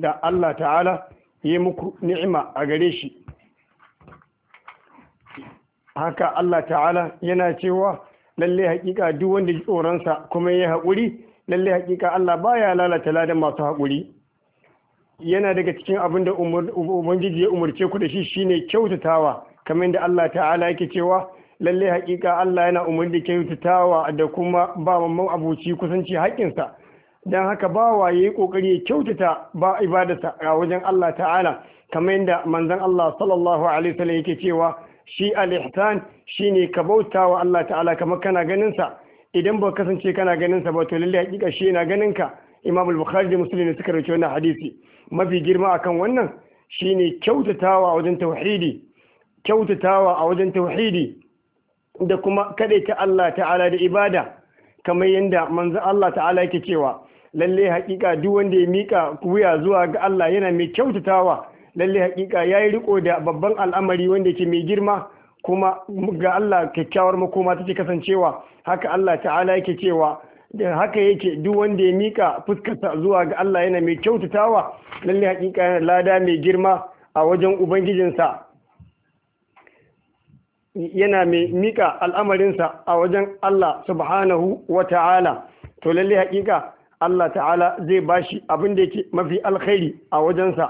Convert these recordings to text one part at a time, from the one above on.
da Allah ta'ala yi muku ni'ima a gare shi haka Allah ta'ala yana cewa lalle hakika duk wanda ji tsoronsa kuma ya haƙuri lalle hakika Allah baya lalata ladan masu haƙuri yana daga cikin abin da ubangiji ya umarce ku da shi shine kyautatawa kamar yadda Allah ta'ala yake cewa lalle hakika Allah yana umarni kyautatawa da kuma ba mamman abuci kusanci haƙƙinsa don haka bawa ya yi ƙoƙari ya kyautata ba ibadarsa a wajen Allah ta'ala kamar yadda manzon Allah sallallahu alaihi wasallam yake cewa shi al-ihsan shine ka bauta wa Allah ta'ala kamar kana ganin sa idan ba kasance kana ganin sa ba to lalle hakika shi yana ganin ka Imam al-Bukhari da Muslim ne suka rawaito wannan hadisi mafi girma akan wannan shine kyautatawa a wajen tauhidi kyautatawa a wajen tauhidi da kuma ta Allah ta'ala da ibada kamar yadda manzon Allah ta'ala yake cewa lalle hakika duk wanda ya mika wuya zuwa ga Allah yana mai kyautatawa lalle hakika yayi riko da babban al'amari wanda ke mai girma kuma ga Allah kyakkyawar makoma take kasancewa haka Allah ta'ala yake cewa da haka yake duk wanda ya mika fuskarsa zuwa ga Allah yana mai kyautatawa lalle hakika yana lada mai girma a wajen ubangijinsa yana mai mika al'amarinsa a wajen Allah subhanahu wa ta'ala to lalle hakika Allah ta'ala zai bashi abin da yake mafi alkhairi a wajensa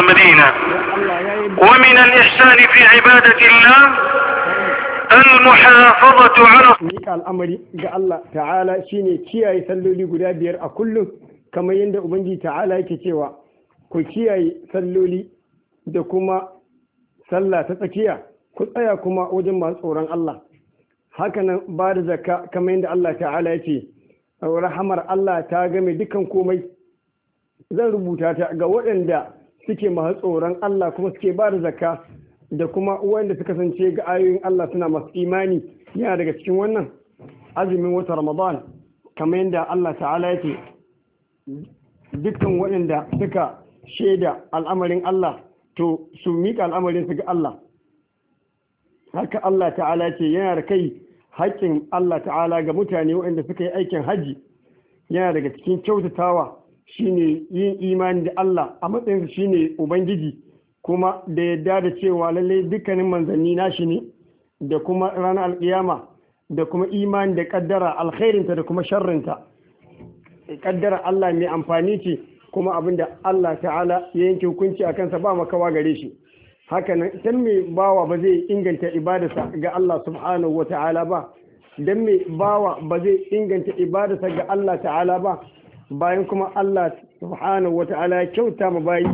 مدينة ومن الإحسان في عبادة الله Al’amari ga Allah ta’ala shi ne kiyaye salloli guda biyar a kullum, kama yin da Ubangi ta’ala yake cewa, ku kiyaye salloli da kuma Sallah ta tsakiya, ku tsaya kuma wajen masu tsoron Allah, haka nan ba da zaka kama yin da Allah ta’ala ce, rahamar Allah ta game dukan komai, zan rubuta ta ga waɗanda suke masu tsoron Allah kuma suke ba da zakka da kuma wanda suka kasance ga ayoyin Allah suna masu imani yana daga cikin wannan azumin wata Ramadan kamar yadda Allah ta'ala yake dukkan waɗanda suka shaida al'amarin Allah to su miƙa al'amarin su ga Allah haka Allah ta'ala ce yana da kai haƙƙin Allah ta'ala ga mutane waɗanda suka yi aikin hajji yana daga cikin kyautatawa shine yin imani da Allah a matsayin shine ubangiji kuma da yadda da cewa lallai dukkanin manzanni shi ne da kuma ranar alkiyama da kuma imani da kaddara alkhairinta da kuma sharrinta kaddara Allah mai amfani ce kuma abinda Allah ta'ala ya yanke hukunci a kansa ba makawa gare shi hakanan dan mai bawa ba zai inganta ibadarsa ga Allah subhanahu wa ta'ala ba dan mai bawa ba zai inganta ibadarsa ga Allah ta'ala ba bayan kuma Allah subhanahu wata'ala ya kyauta ma bayi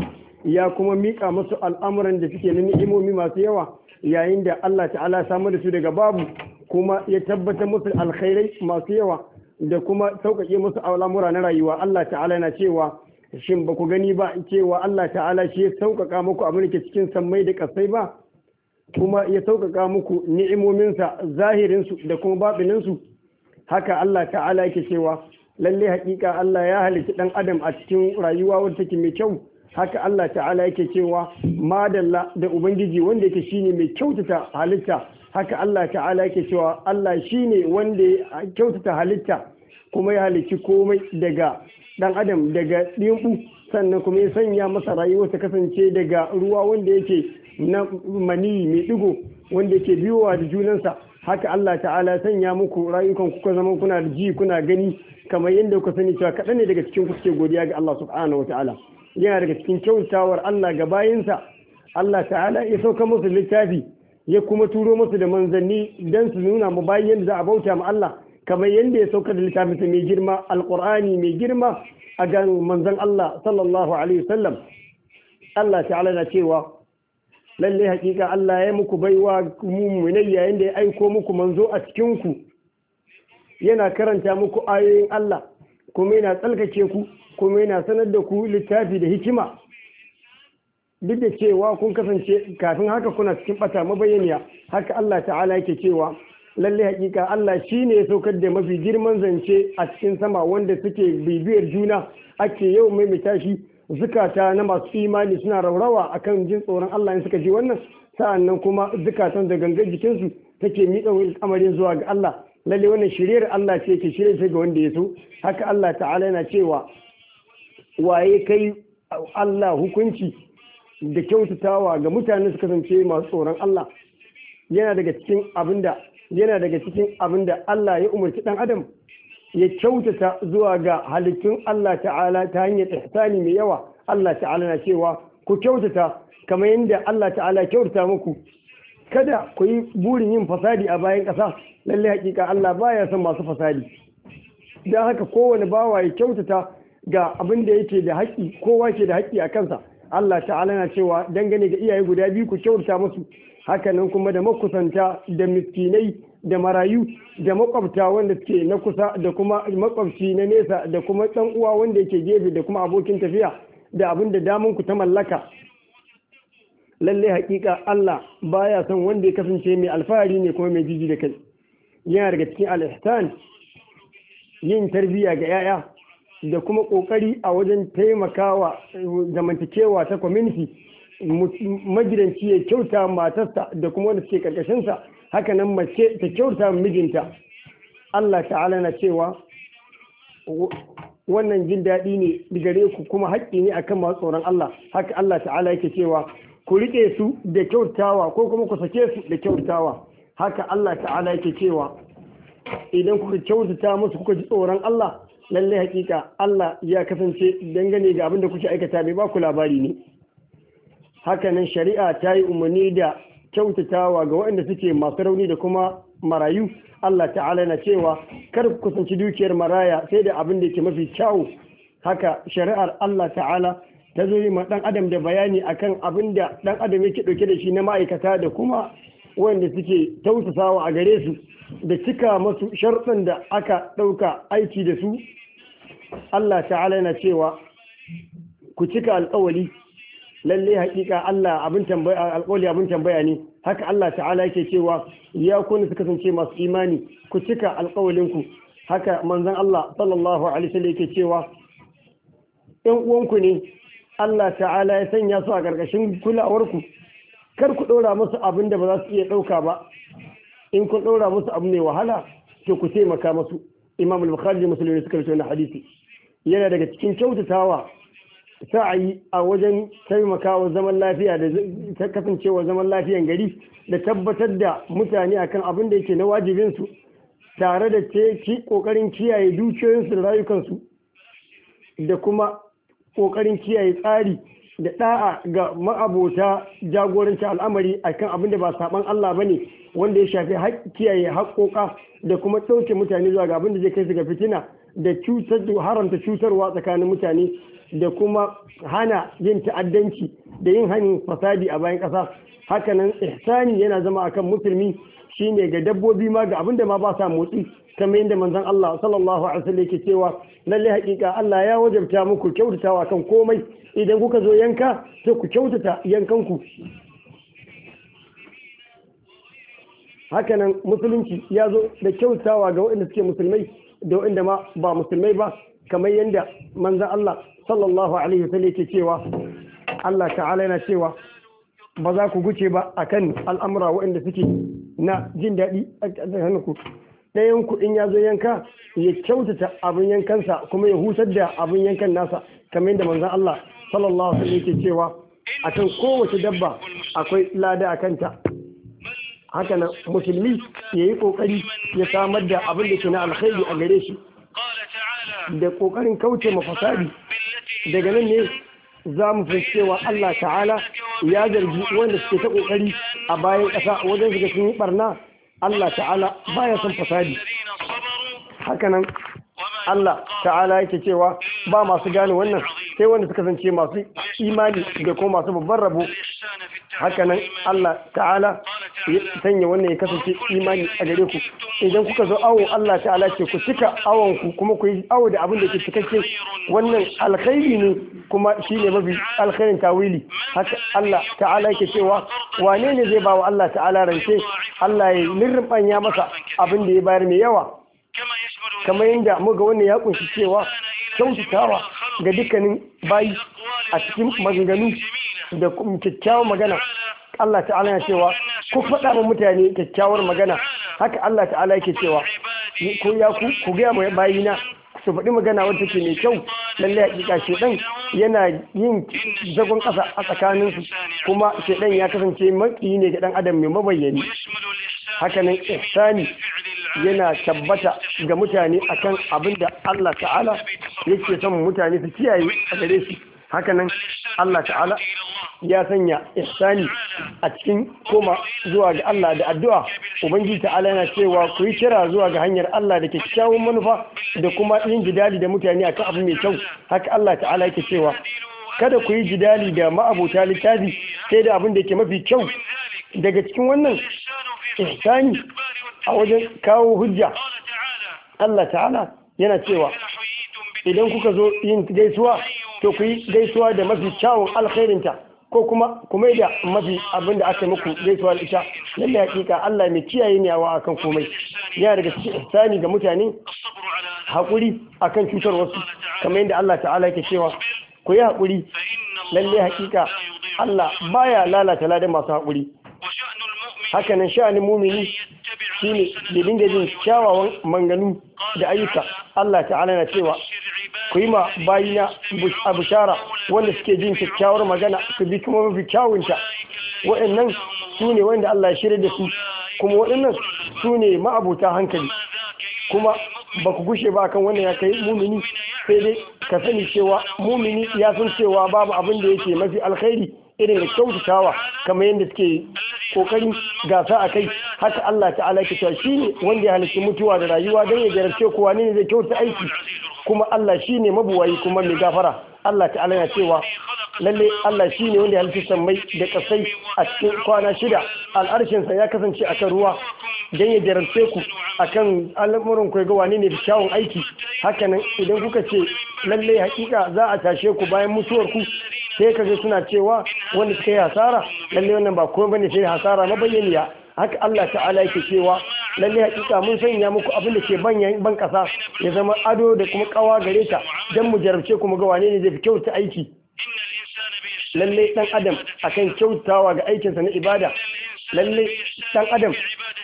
ya kuma mika musu al'amuran da suke na ni'imomi masu yawa yayin da Allah ta'ala ya samar da su daga babu kuma ya tabbatar musu alkhairai masu yawa da kuma sauƙaƙe musu al'amura na rayuwa Allah ta'ala na cewa shin ba ku gani ba cewa Allah ta'ala shi ya sauƙaƙa muku abin da cikin sammai da ƙasai ba kuma ya sauƙaƙa muku ni'imominsa zahirinsu da kuma babinansu? haka Allah ta'ala yake cewa lalle haƙiƙa Allah ya halitta dan adam a cikin rayuwa wadda take mai kyau haka Allah ta'ala yake cewa madalla da ubangiji wanda yake shine mai kyautata halitta haka Allah ta'ala yake cewa Allah shine wanda ya kyautata halitta kuma ya halicci komai daga dan adam daga dimbu sannan kuma ya sanya masa rayuwa ta kasance daga ruwa wanda yake na mani mai digo wanda yake biyowa da junansa haka Allah ta'ala sanya muku rayukan kuka zama kuna ji kuna gani kamar yadda kuka sani cewa kaɗan ne daga cikin kuke godiya ga Allah subhanahu wa ta'ala yana daga cikin kyautawar Allah ga bayinsa Allah ta'ala ya sauka musu littafi ya kuma turo musu da manzanni dan su nuna mu bayan yadda za a bauta ma Allah kamar yadda ya sauka da littafinsa mai girma alqur'ani mai girma a ga manzon Allah sallallahu alaihi wasallam Allah ta'ala na cewa Lallai hakika Allah ya muku baiwa mu yayin da ya aiko muku manzo a cikinku yana karanta muku ayoyin Allah kuma yana tsalkace ku kuma yana sanar da ku littafi da hikima duk da cewa kun kasance kafin haka kuna cikin bata mabayaniya haka Allah ta'ala yake cewa lallai hakika Allah shine ya saukar da mafi girman zance a cikin sama wanda suke bibiyar juna ake yau maimaita shi zukata na masu imani suna raurawa kan jin tsoron Allah in suka ji wannan sa'annan kuma zukatan da gangar jikinsu take miƙa amarin zuwa ga Allah lalle wannan shiryar Allah ce ke shirye shi ga wanda ya so haka Allah ta'ala yana cewa waye kai Allah hukunci da kyautatawa ga mutane su kasance masu tsoron Allah yana daga cikin abinda yana Allah ya umarci dan adam ya kyautata zuwa ga halittun Allah ta'ala ta hanyar ihsani mai yawa Allah ta'ala na cewa ku kyautata kamar yadda Allah ta'ala kyautata muku kada ku yi burin yin fasadi a bayan ƙasa lalle hakika Allah baya son masu fasadi dan haka kowane bawa ya kyautata ga abin da yake da haƙƙi kowa ke da haƙƙi a kansa Allah ta'ala na cewa dangane ga iyaye guda biyu ku kyautata musu hakanan kuma da makusanta da miskinai da marayu da makwabta wanda suke na kusa da kuma makwabci na nesa da kuma ɗan uwa wanda yake gefe da kuma abokin tafiya da abin da damun ku ta mallaka lalle hakika Allah baya son wanda ya kasance mai alfahari ne kuma mai jiji da kai yana daga cikin al yin tarbiyya ga yaya da kuma kokari a wajen taimakawa zamantakewa ta community magidanci ya kyauta matarsa da kuma wanda suke karkashinsa haka nan mace ta kyauta mijinta Allah ta'ala na cewa wannan jin daɗi ne gare ku kuma haƙƙi ne akan masu tsoron Allah haka Allah ta'ala yake cewa ku riƙe su da kyautawa ko kuma ku sake su da kyautawa haka Allah ta'ala yake cewa idan kuka kyautata musu kuka ji tsoron Allah lalle hakika Allah ya kasance dangane ga abin da kuke aikata bai ba ku labari ne hakanan shari'a ta yi umarni da kyautatawa ga waɗanda suke masu rauni da kuma marayu Allah ta'ala na cewa kar ku kusanci dukiyar maraya sai da abin da yake mafi kyau haka shari'ar Allah ta'ala ta zo ma dan adam da bayani akan abin da dan adam yake ɗauke da shi na ma'aikata da kuma waɗanda suke tausasawa a gare su da cika masu sharɗin da aka ɗauka aiki da su Allah ta'ala na cewa ku cika alƙawali lallai haƙiƙa Allah abin abin tambaya ne haka Allah ta'ala yake cewa ya kuni su kasance masu imani ku cika alƙawalinku haka manzon Allah sallallahu alaihi wasallam yake cewa ɗan uwanku ne Allah ta'ala ya sanya su a ƙarƙashin kulawarku kar ku ɗora musu abin da ba za su iya ɗauka ba in kun ɗora musu abu mai wahala to ku taimaka musu imam al-bukhari muslim suka rawaito wannan hadisi yana daga cikin kyautatawa sa'ayi a yi a wajen taimakawa zaman lafiya da ta kasancewa zaman lafiyan gari da tabbatar da mutane akan abin da yake na wajibinsu tare da ce kokarin kiyaye dukiyoyinsu da rayukansu da kuma kokarin kiyaye tsari da ɗa'a ga ma'abota jagoranci al'amari akan abin da ba saɓan Allah ba ne wanda ya shafi kiyaye haƙoƙa da kuma ɗauke mutane zuwa ga abin da zai kai su ga fitina da haramta cutarwa tsakanin mutane da kuma hana yin ta'addanci da yin hanyar fasadi a bayan ƙasa hakanan ihsani yana zama akan musulmi shine ga dabbobi ma ga abinda ma ba sa motsi kamar yadda manzan Allah sallallahu alaihi wasallam yake cewa lalle haƙiƙa Allah ya wajabta muku kyautatawa kan komai idan kuka zo yanka sai ku kyautata yankanku hakanan musulunci ya zo da kyautawa ga waɗanda suke musulmai da waɗanda ma ba musulmai ba kamar yadda manzan Allah sallallahu alaihi wasallam yake cewa Allah ta'ala yana cewa ba za ku guce ba akan al'amura waɗanda suke na jin daɗi a hannunku ɗayan ku in ya zo yanka ya kyautata abin yankansa kuma ya hutar da abin yankan nasa kamar yadda manzon Allah sallallahu alaihi wasallam yake cewa akan kowace dabba akwai lada a kanta haka nan musulmi ya yi kokari ya samar da abin da ke na alkhairi a gare shi da kokarin kauce fasari. daga nan ne za mu fi cewa Allah ta'ala ya zargi wanda suke ta kokari a bayan ƙasa wajen shiga sun yi barna Allah ta'ala baya son fasadi hakanan Allah ta'ala yake cewa ba masu gane wannan sai wanda suka zance masu imani da kuma masu babban rabo hakanan Allah ta'ala ku sanya wannan ya kasance imani a gare ku idan kuka zo awo Allah ta'ala ce ku cika awon ku kuma ku yi awo da abin da ke cikakke wannan alkhairi ne kuma shine mafi alkhairin tawili haka Allah ta'ala yake cewa wane ne zai ba wa Allah ta'ala rance Allah ya ya masa abin da ya bayar mai yawa kamar yadda muga wannan ya kunshi cewa kyautatawa ga dukkanin bayi a cikin maganganu da kyakkyawan magana Allah ta'ala ya cewa ku faɗa ma mutane kyakkyawar magana haka Allah ta'ala yake cewa ko ya ku ku ga mai bayina su faɗi magana wacce ke mai kyau lallai hakika shedan yana yin zagon ƙasa a tsakaninsu kuma shedan ya kasance maƙiyi ne ga ɗan adam mai mabayyani hakanan ihsani yana tabbata ga mutane akan abin da Allah ta'ala yake son mutane su kiyaye a gare shi hakanan Allah ta'ala ya sanya ihsani a cikin koma zuwa ga Allah da addu'a ubangiji ta'ala yana cewa ku yi kira zuwa ga hanyar Allah da kyakkyawan manufa da kuma yin jidali da mutane akan abu mai kyau haka Allah ta'ala yake cewa kada ku yi jidali da ma'abota littafi sai da abin da ke mafi kyau daga cikin wannan ihsani a wajen kawo hujja Allah ta'ala yana cewa idan kuka zo yin gaisuwa to ku yi gaisuwa da mafi kyawun alkhairinta ko kuma kuma da mafi abin da aka muku zai da ita lalle hakika Allah mai kiyaye ne awa akan komai yana daga sani ga mutane hakuri akan cutar wasu kamar yadda Allah ta'ala yake cewa ku yi hakuri lalle hakika Allah baya lalata ladan masu hakuri hakanan sha'anin mumini shine da dinga jin kyawawan manganu da ayyuka Allah ta'ala na cewa ku yi ma bayina a bushara. wanda suke jin kyakkyawar magana su bi kuma mafi kyawunta waɗannan su ne wanda Allah ya shirya da su kuma waɗannan su ne ma'abuta hankali kuma ba ku gushe ba kan wannan ya kai mumini sai dai ka sani cewa mumini ya san cewa babu abin da yake mafi alkhairi irin da kyautatawa kamar yadda suke kokari gasa a kai haka Allah ta'ala ke Shi ne wanda ya halarci mutuwa da rayuwa don ya jarabce kowa ne zai kyauta aiki kuma Allah shi ne mabuwayi kuma mai gafara Allah ta'ala yana cewa lalle Allah shi ne wanda ya halitta sammai da kasai a cikin kwana shida al'arshinsa ya kasance a kan ruwa dan ya jarabce ku akan al'amuran ku ga wane ne kyawun aiki hakanan idan kuka ce lalle hakika za a tashe ku bayan mutuwar ku sai kaje suna cewa wanda suka yi hasara lalle wannan ba komai bane sai hasara mabayyaniya haka Allah ta'ala yake cewa lalle hakika mun sanya muku abin da ke banyan ban kasa ya zama ado da kuma kawa gare ta dan mu jarabce kuma ga wane ne zai fi kyauta aiki lalle dan adam akan kyautawa ga sa na ibada lalle dan adam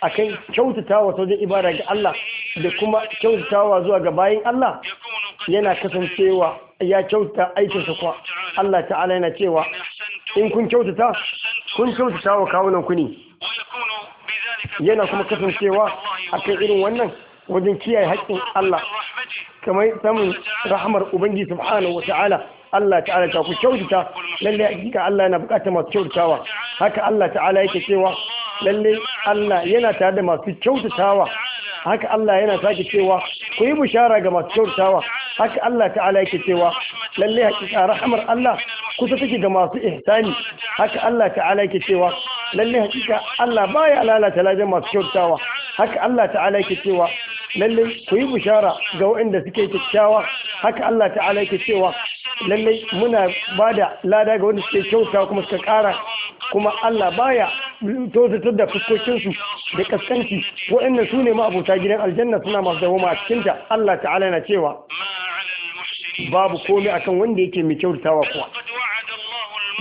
akan kyautatawa wajen ibada ga Allah da kuma kyautatawa zuwa ga bayin Allah yana kasancewa ya kyauta aikinsa kuwa Allah ta'ala yana cewa in kun kyautata kun kyautata wa kawunan ku ne yana kuma kasancewa a kan irin wannan wajen kiyaye haƙƙin Allah kamar samun rahmar Ubangiji subhanahu wa ta'ala Allah ta'ala ta ku kyautata lalle hakika Allah yana bukatar masu kyautatawa haka Allah ta'ala yake cewa lalle Allah yana tare da masu kyautatawa haka Allah yana sake cewa ku yi bishara ga masu kyautatawa haka Allah ta'ala yake cewa lalle hakika rahamar Allah kusa take ga masu ihsani haka Allah ta'ala yake cewa lalle hakika Allah baya lalata lajen masu kyautawa haka Allah ta'ala yake cewa lalle ku yi bishara ga waɗanda suke kyautawa. haka Allah ta'ala yake cewa lalle muna bada lada ga wanda suke kyautawa kuma suka ƙara kuma Allah baya tozatar da fuskokinsu da kaskanci waɗannan su ne ma'abuta gidan aljanna suna masu dawoma a ta Allah ta'ala na cewa babu komai akan wanda yake mai kyautawa kuwa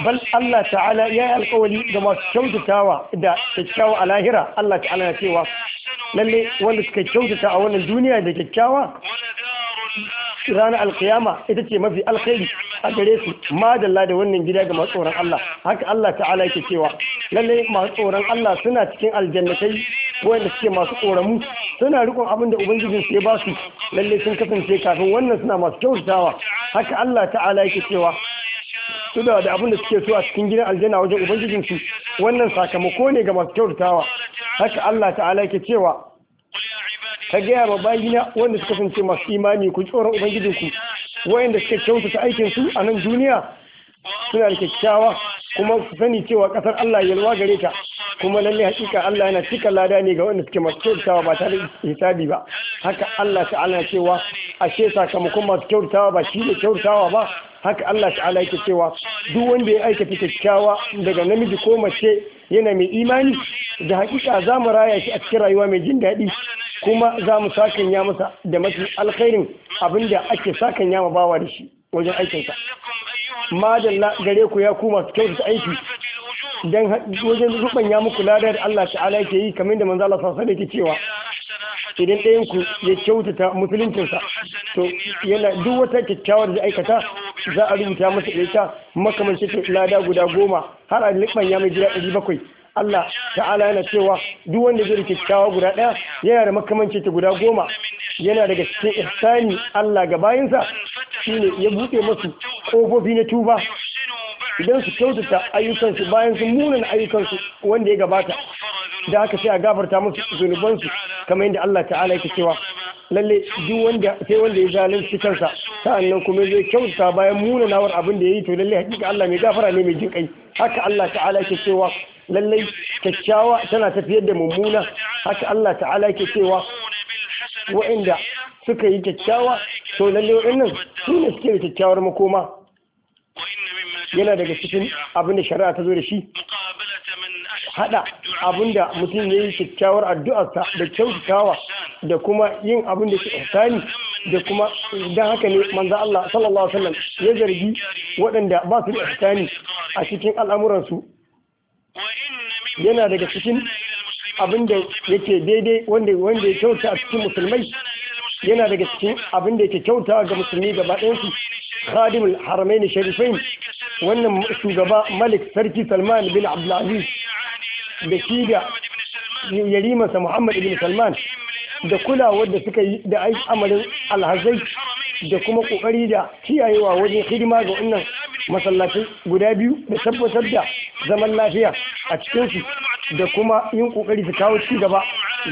bal Allah ta'ala ya yi alkawari ga masu kyautatawa da kyakkyawa a lahira Allah ta'ala ya cewa lalle wanda suka kyautata a wannan duniya da kyakkyawa ranar alkiyama ita ce mafi alkhairi a gare su madalla da wannan gida ga masu tsoron Allah haka Allah ta'ala yake cewa lalle masu tsoron Allah suna cikin aljannatai wanda suke masu mu. suna rikon abin da ubangijin sai ba su lalle sun kasance kafin wannan suna masu kyautatawa haka Allah ta'ala yake cewa Su da abin da suke so a cikin gidan aljanna wajen ubangijinsu wannan sakamako ne ga masu kyautatawa haka Allah ta'ala yake cewa ka gaya ma bayina wanda suka kasance masu imani ku tsoron ubangijinku wayanda suka kyautata aikin su a nan duniya suna da kyakkyawa kuma su sani cewa kasar Allah yalwa gare ta kuma lalle hakika Allah yana cika lada ne ga wanda suke masu kyautatawa ba tare da hisabi ba haka Allah ta'ala cewa ashe sakamakon masu kyautatawa ba shi ne kyautatawa ba haka Allah ta'ala yake cewa duk wanda ya aikata kyakkyawa daga namiji ko mace yana mai imani da hakika za mu raya shi a cikin rayuwa mai jin daɗi kuma za mu ya masa da mafi alkhairin abinda ake sakanya ma bawa da shi wajen aikinsa madalla gare ku ya koma su kyautata aiki dan wajen rubanya muku da Allah ta'ala yake yi kamar da manzo Allah sallallahu alaihi yake cewa idan ɗayan ku ya kyautata musuluncinsa to yana duk wata kyakkyawar da aikata za a rubuta masa da ita makamancin lada guda goma har a ya mai gida ɗari bakwai Allah ta'ala yana cewa duk wanda zai rike kyakkyawa guda ɗaya yana da makamancin ta guda goma yana daga cikin ihsani Allah ga bayinsa shine ya buɗe masu ƙofofi na tuba idan su kyautata ayyukansu bayan sun munan ayyukansu wanda ya gabata da haka sai a gafarta masu zunubansu kamar yadda Allah ta'ala yake cewa lalle duk wanda sai wanda ya zalunci kansa sa'annan kuma zai kyauta bayan munanawar abin da ya yi to lalle hakika Allah mai gafara ne mai jin kai haka Allah ta'ala ke cewa lalle kyakkyawa tana tafiyar da mummuna haka Allah ta'ala ke cewa wa'inda suka yi kyakkyawa to lalle wa'innan su ne suke da kyakkyawar makoma yana daga cikin abin da shari'a ta zo da shi hada abinda mutum ya yi kyakkyawar addu'arsa da kyautatawa da kuma yin abin da ke ihsani da kuma idan haka ne manzo Allah sallallahu alaihi wasallam ya zargi waɗanda ba su da ihsani a cikin al'amuransu yana daga cikin abin da yake daidai wanda wanda ya kyauta a cikin musulmai yana daga cikin abin da yake kyauta ga musulmi gaba ɗayansu khadimul haramain sharifain wannan shugaba malik sarki salman bin abdulaziz da shi da yarimarsa Muhammad ibn Salman da kulawar da suka yi da aiki amarin alhazai da kuma kokari da kiyayewa wajen hidima ga wannan masallatai guda biyu da tabbatar da zaman lafiya a cikinsu da kuma yin kokari su kawo ci gaba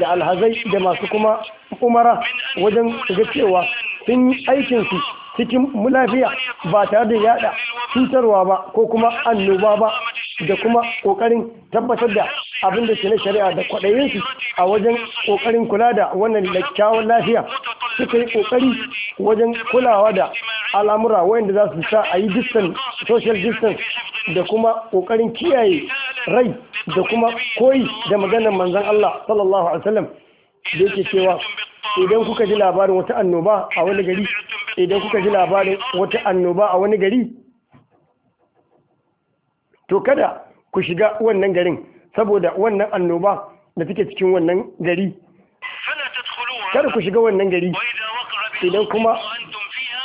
da alhazai da masu kuma umara wajen ga cewa sun yi aikinsu cikin lafiya ba tare da yada cutarwa ba ko kuma annoba ba da kuma kokarin tabbatar da abin da ke na shari'a da kwaɗayin su a wajen kokarin kula da wannan kyakkyawan lafiya suka yi kokari wajen kulawa da al'amura wayanda za su sa a yi distance social distance da kuma kokarin kiyaye rai da kuma koyi da maganar manzon Allah sallallahu alaihi wasallam da yake cewa idan kuka ji labarin wata annoba a wani gari idan kuka ji labarin wata annoba a wani gari to kada ku shiga wannan garin saboda wannan annoba da take cikin wannan gari kada ku shiga wannan gari idan kuma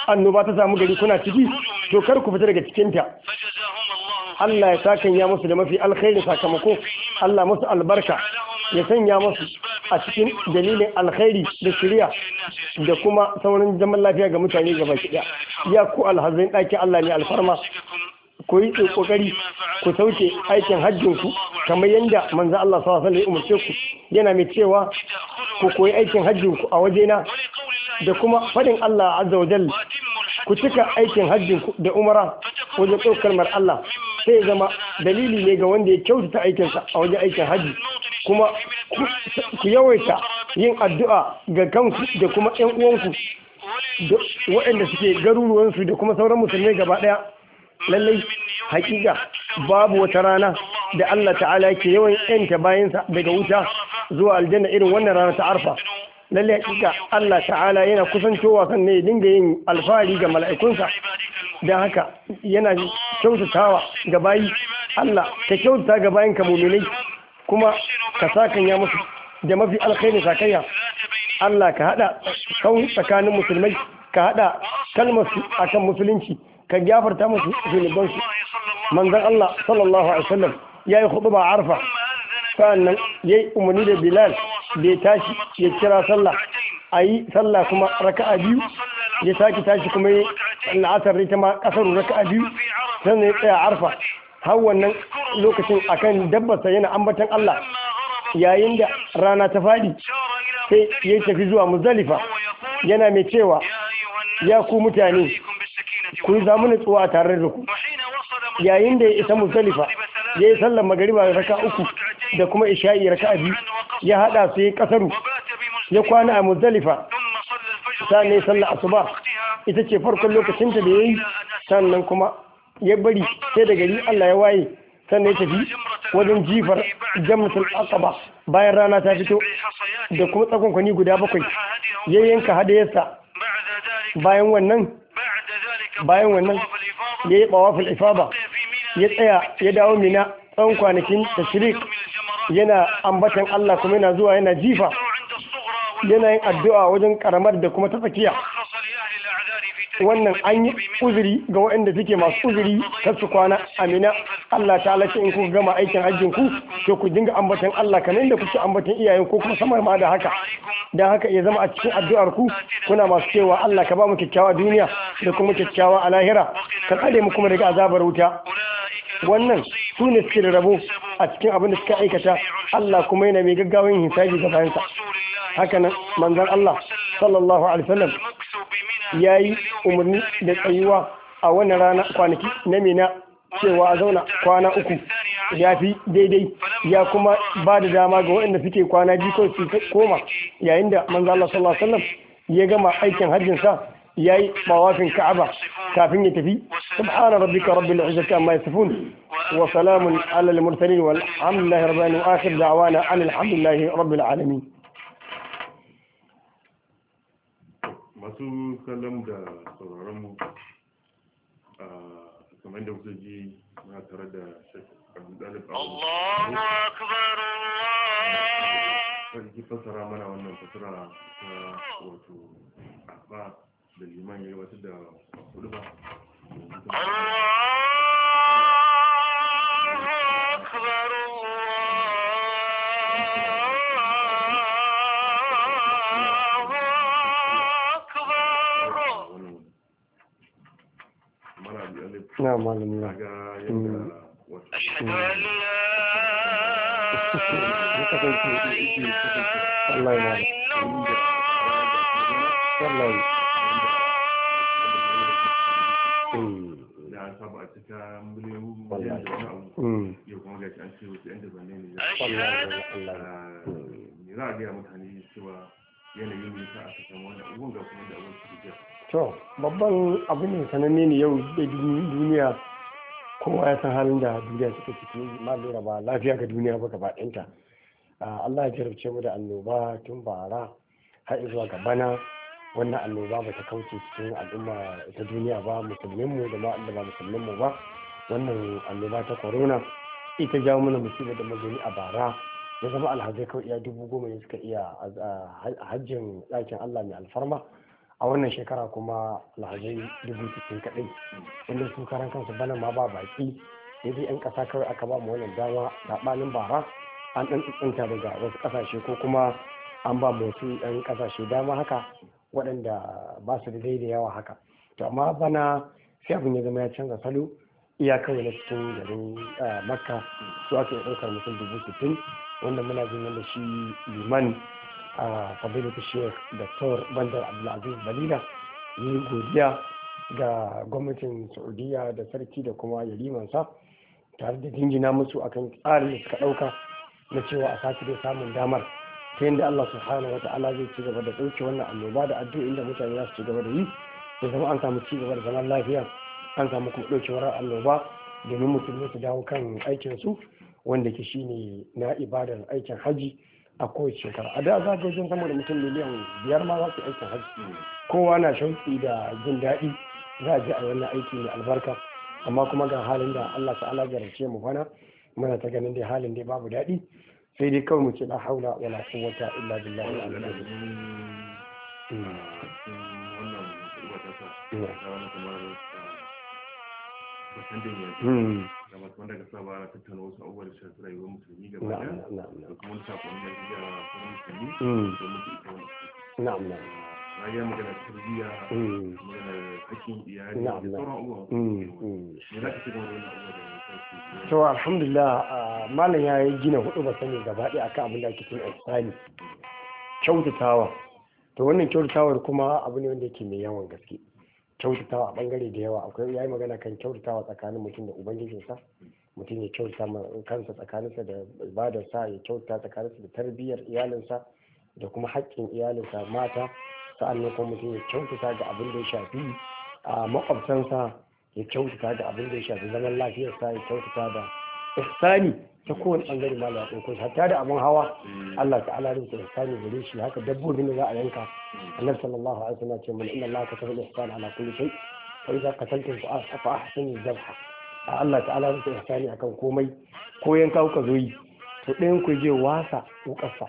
annoba ta samu gari kuna ciki to kar ku fita daga cikinta Allah ya sakan ya musu da mafi alkhairi sakamako Allah musu albarka ya sanya musu a cikin dalilin alkhairi da shirya da kuma sauran zaman lafiya ga mutane gaba ɗaya ya ku alhazin ɗaki Allah ne alfarma ku yi kokari ku sauke aikin hajjin ku kamar yadda manzo Allah sallallahu alaihi umarce ku yana mai cewa ku koyi aikin hajjin ku a wajena da kuma fadin Allah azza wa jalla ku cika aikin hajjin ku da umara wajen ɗaukar mar Allah sai zama dalili ne ga wanda ya kyautata aikinsa a wajen aikin hajji kuma ku yawaita yin addu'a ga kanku da kuma 'yan uwanku waɗanda suke garuruwansu da kuma sauran musulmai gaba ɗaya lallai hakika babu wata rana da Allah ta'ala yake yawan yanta bayansa daga wuta zuwa aljanna irin wannan rana ta arfa lallai hakika Allah ta'ala yana kusantowa kan ne dinga yin alfahari ga mala'ikunsa don haka yana kyautatawa ga bayi Allah ka kyautata ga bayan ka muminai kuma ka ya musu da mafi alkhairi sakayya Allah ka hada tsakanin musulmai ka hada kalmar su akan musulunci ka gafarta musu zunuban su Manzan Allah sallallahu alaihi wasallam yayi khutba arfa sa'annan yayi umarni da Bilal bai ya tashi ya kira sallah ayi sallah kuma a biyu ya saki tashi kuma ya la'asar ita ma kasar raka'a biyu sannan ya tsaya arfa har wannan lokacin akan dabbarsa yana ambatan Allah yayin da rana ta fadi sai ya tafi zuwa muzalifa yana mai cewa ya ku mutane ku yi samu a tare da ku yayin da ya isa musalifa ya yi sallar magariba raka uku da kuma isha'i raka biyu ya hada su ya kasaru ya kwana a musalifa sannan ya sallar asuba ita ce farkon lokacin da ya yi sannan kuma ya bari sai da gari Allah ya waye sannan ya tafi wajen jifar jamusul aqaba bayan rana ta fito da kuma tsakonkwani guda bakwai ya yanka hadayarsa bayan wannan bayan wannan ya yi ɓawafin ifaba ya tsaya ya dawo mina tsawon kwanakin shirik yana ambatan Allah kuma yana zuwa yana jifa yana yin addu'a wajen karamar da kuma ta tsakiya wannan an yi uzuri ga waɗanda suke masu uzuri kar su kwana amina Allah ta ce in kuka gama aikin hajjin ku to ku dinga ambatan Allah kamar yadda kuke ambatan iyayen ku kuma samar ma da haka dan haka ya zama a cikin addu'ar ku kuna masu cewa Allah ka ba mu kyakkyawa duniya da kuma kyakkyawa a lahira ka tsare mu kuma daga azabar wuta wannan su ne suke da rabo a cikin abin da suka aikata Allah kuma yana mai gaggawan hisabi ga bayansa haka nan manzon Allah sallallahu alaihi wasallam ya yi umarni da tsayuwa a wannan rana kwanaki na mina cewa a zauna kwana uku ya fi daidai ya kuma ba da dama ga waɗanda suke kwana biyu ko su koma yayin da manzo Allah sallallahu alaihi wasallam ya gama aikin hajjin sa yayi tawafin Ka'aba kafin ya tafi subhana rabbika rabbil izzati amma yasifun wa salamun ala al mursalin walhamdulillahi rabbil alamin alhamdulillahi rabbil alamin masu kallon da sauraron mu kamar da kusa ji na tare da shakkarun dalib a Allahu akbar Allah ji fasara mana wannan fasara ta wato abba da liman yayi wasu da hudu ba na malam na Allah ya ta miliyoyin miliyan da wani abu hmm. ya kuma gashi an ce wasu 'yan da zanne ne ya ah, za a gaya mutane cewa yanayin abubuwan ga da abin su to babban abu ne sananne ne yau da duniya kowa ya san halin da duniya suka ciki ma lura ba lafiya ga duniya ba gaba ɗinta Allah ya jarabce mu da annoba tun bara har zuwa ga bana wannan annoba ba ta kauce cikin al'umma ta duniya ba musulmin mu da ma da ba musulmin mu ba wannan annoba ta corona ita jawo mana musibar da magani a bara ya zama alhazai kawai iya dubu goma ne suka iya hajjin ɗakin Allah mai alfarma a wannan shekara kuma alhazai dubu cikin kaɗai inda su karan kansu bana ma ba baki ya zai 'yan ƙasa kawai aka ba mu wannan dama saɓanin bara an ɗan tsinta daga wasu ƙasashe ko kuma an ba mu wasu 'yan ƙasashe dama haka waɗanda ba su da da yawa haka to amma bana sai abin ya zama ya canza salo iya kawai na cikin garin eh, makka su ake ɗaukar mutum dubu sittin wanda muna jin yadda shi liman a fadilu shek dr bandar abdulaziz balila yi godiya ga gwamnatin saudiya da sarki da kuma limansa. tare da jinjina musu akan tsarin da suka ɗauka na cewa a sati da samun damar ta yadda allah subhanahu wa ta'ala zai ci gaba da ɗauke wannan annoba da addu'o'in da mutane za su ci gaba da yi da zama an samu ci gaba da zaman lafiya an samu kuma ɗaukewar annoba domin musulmi su dawo kan aikinsu wanda ke shine na ibadar aikin haji a kowace shekara a da za ga wajen sama da mutum miliyan biyar ma za su aikin haji kowa na shauki da jin daɗi za a je a wannan aiki mai albarka amma kuma ga halin da Allah ta ta'ala garace mu bana muna ta ganin dai halin dai babu daɗi sai dai kawai mu ce la haula wala quwwata illa billahi al gaba kuma daga saba ana tattauna wasu abubuwa da shafi rayuwar musulmi gaba ɗaya da kuma wani sakon da ya kuma musulmi da mm. mutu ita wani na'am na'am rayuwa mm. magana tarbiyya magana hakkin iyali da sauran abubuwa ne mm, za ka ci da wannan abubuwa da to alhamdulillah malam ya yi gina hudu ba sani gaba daya akan abin da ake cin ihsani kyautatawa to wannan kyautatawar kuma abu ne wanda yake mai yawan gaske kyautatawa a bangare da yawa akwai yayi magana kan kyautatawa tsakanin mutum da ubangijinsa mutum ya kyauta kansa tsakaninsa da sa ya kyauta tsakaninsa da tarbiyyar iyalinsa da kuma haƙƙin iyalinsa mata sa'annan kuma mutum ya kyautata ga abin da ya shafi a maƙwabtansa ya kyautata da abin da ya shafi zaman lafiyarsa ya kyautata da ihsani ta kowane bangare ma da ɗauko hatta da abin hawa Allah ta'ala rubuta ihsani gare shi haka dabbobin da za a yanka Allah sallallahu alaihi wasallam ce mun inna Allah ka tafi ihsani ala kulli shay fa idza qataltum fa ahsinu dhabha Allah ta'ala rubuta ihsani akan komai ko yanka kuka zo yi to ɗayan ku je wasa kasa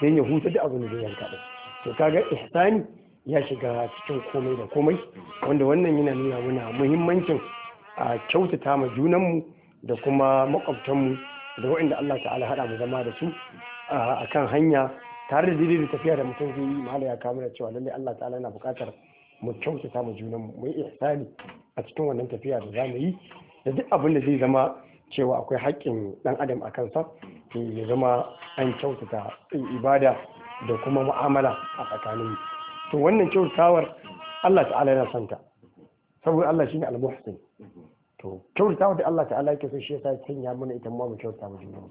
dan ya huta da abin da yanka ɗin to kaga ihsani ya shiga cikin komai da komai wanda wannan yana nuna muna muhimmancin a kyautata ma junanmu da kuma makwabtanmu da waɗanda Allah ta'ala haɗa mu zama da su a kan hanya tare da dalilin tafiya da mutum zai yi mahala ya kawo da cewa lallai Allah ta'ala yana buƙatar mu kyautata mu junan mu mu yi ihsani a cikin wannan tafiya da zamu yi da duk abin da zai zama cewa akwai haƙƙin ɗan adam a kansa ya zama an kyautata ibada da kuma mu'amala a tsakanin to wannan kyautatawar Allah ta'ala yana ta saboda Allah shine al-muhsin kyautata da Allah ta'ala yake so shi yasa ya mana ita mu mu kyautata mu junan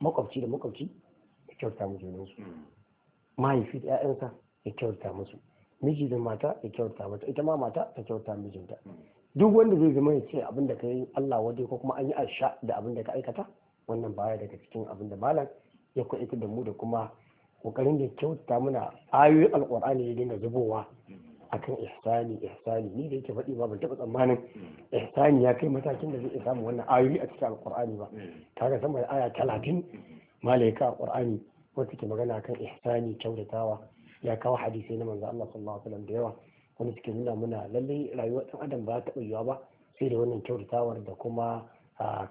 makwabci da makwabci ya kyautata mu junan su mahaifi da ƴaƴansa ya kyautata musu miji da mata ya kyautata mata ita ma mata ta kyautata mijinta duk wanda zai zama ya ce abinda da ka yi Allah wadai ko kuma an yi asha da abin ka aikata wannan baya daga cikin abin da malam ya kwaita da mu da kuma kokarin da kyauta muna ayoyin alkur'ani ya dinga zubowa akan ihsani ihsani ni da yake faɗi ba ban taɓa tsammanin ihsani ya kai matakin da zai iya samu wannan ayoyi a cikin alƙur'ani ba kaga sama da aya talatin malaika a ƙur'ani wata magana akan ihsani kyautatawa ya kawo hadisi na manzo Allah sallallahu alaihi wasallam da yawa wani suke nuna muna lallai rayuwar ɗan adam ba ta yiwuwa ba sai da wannan kyautatawar da kuma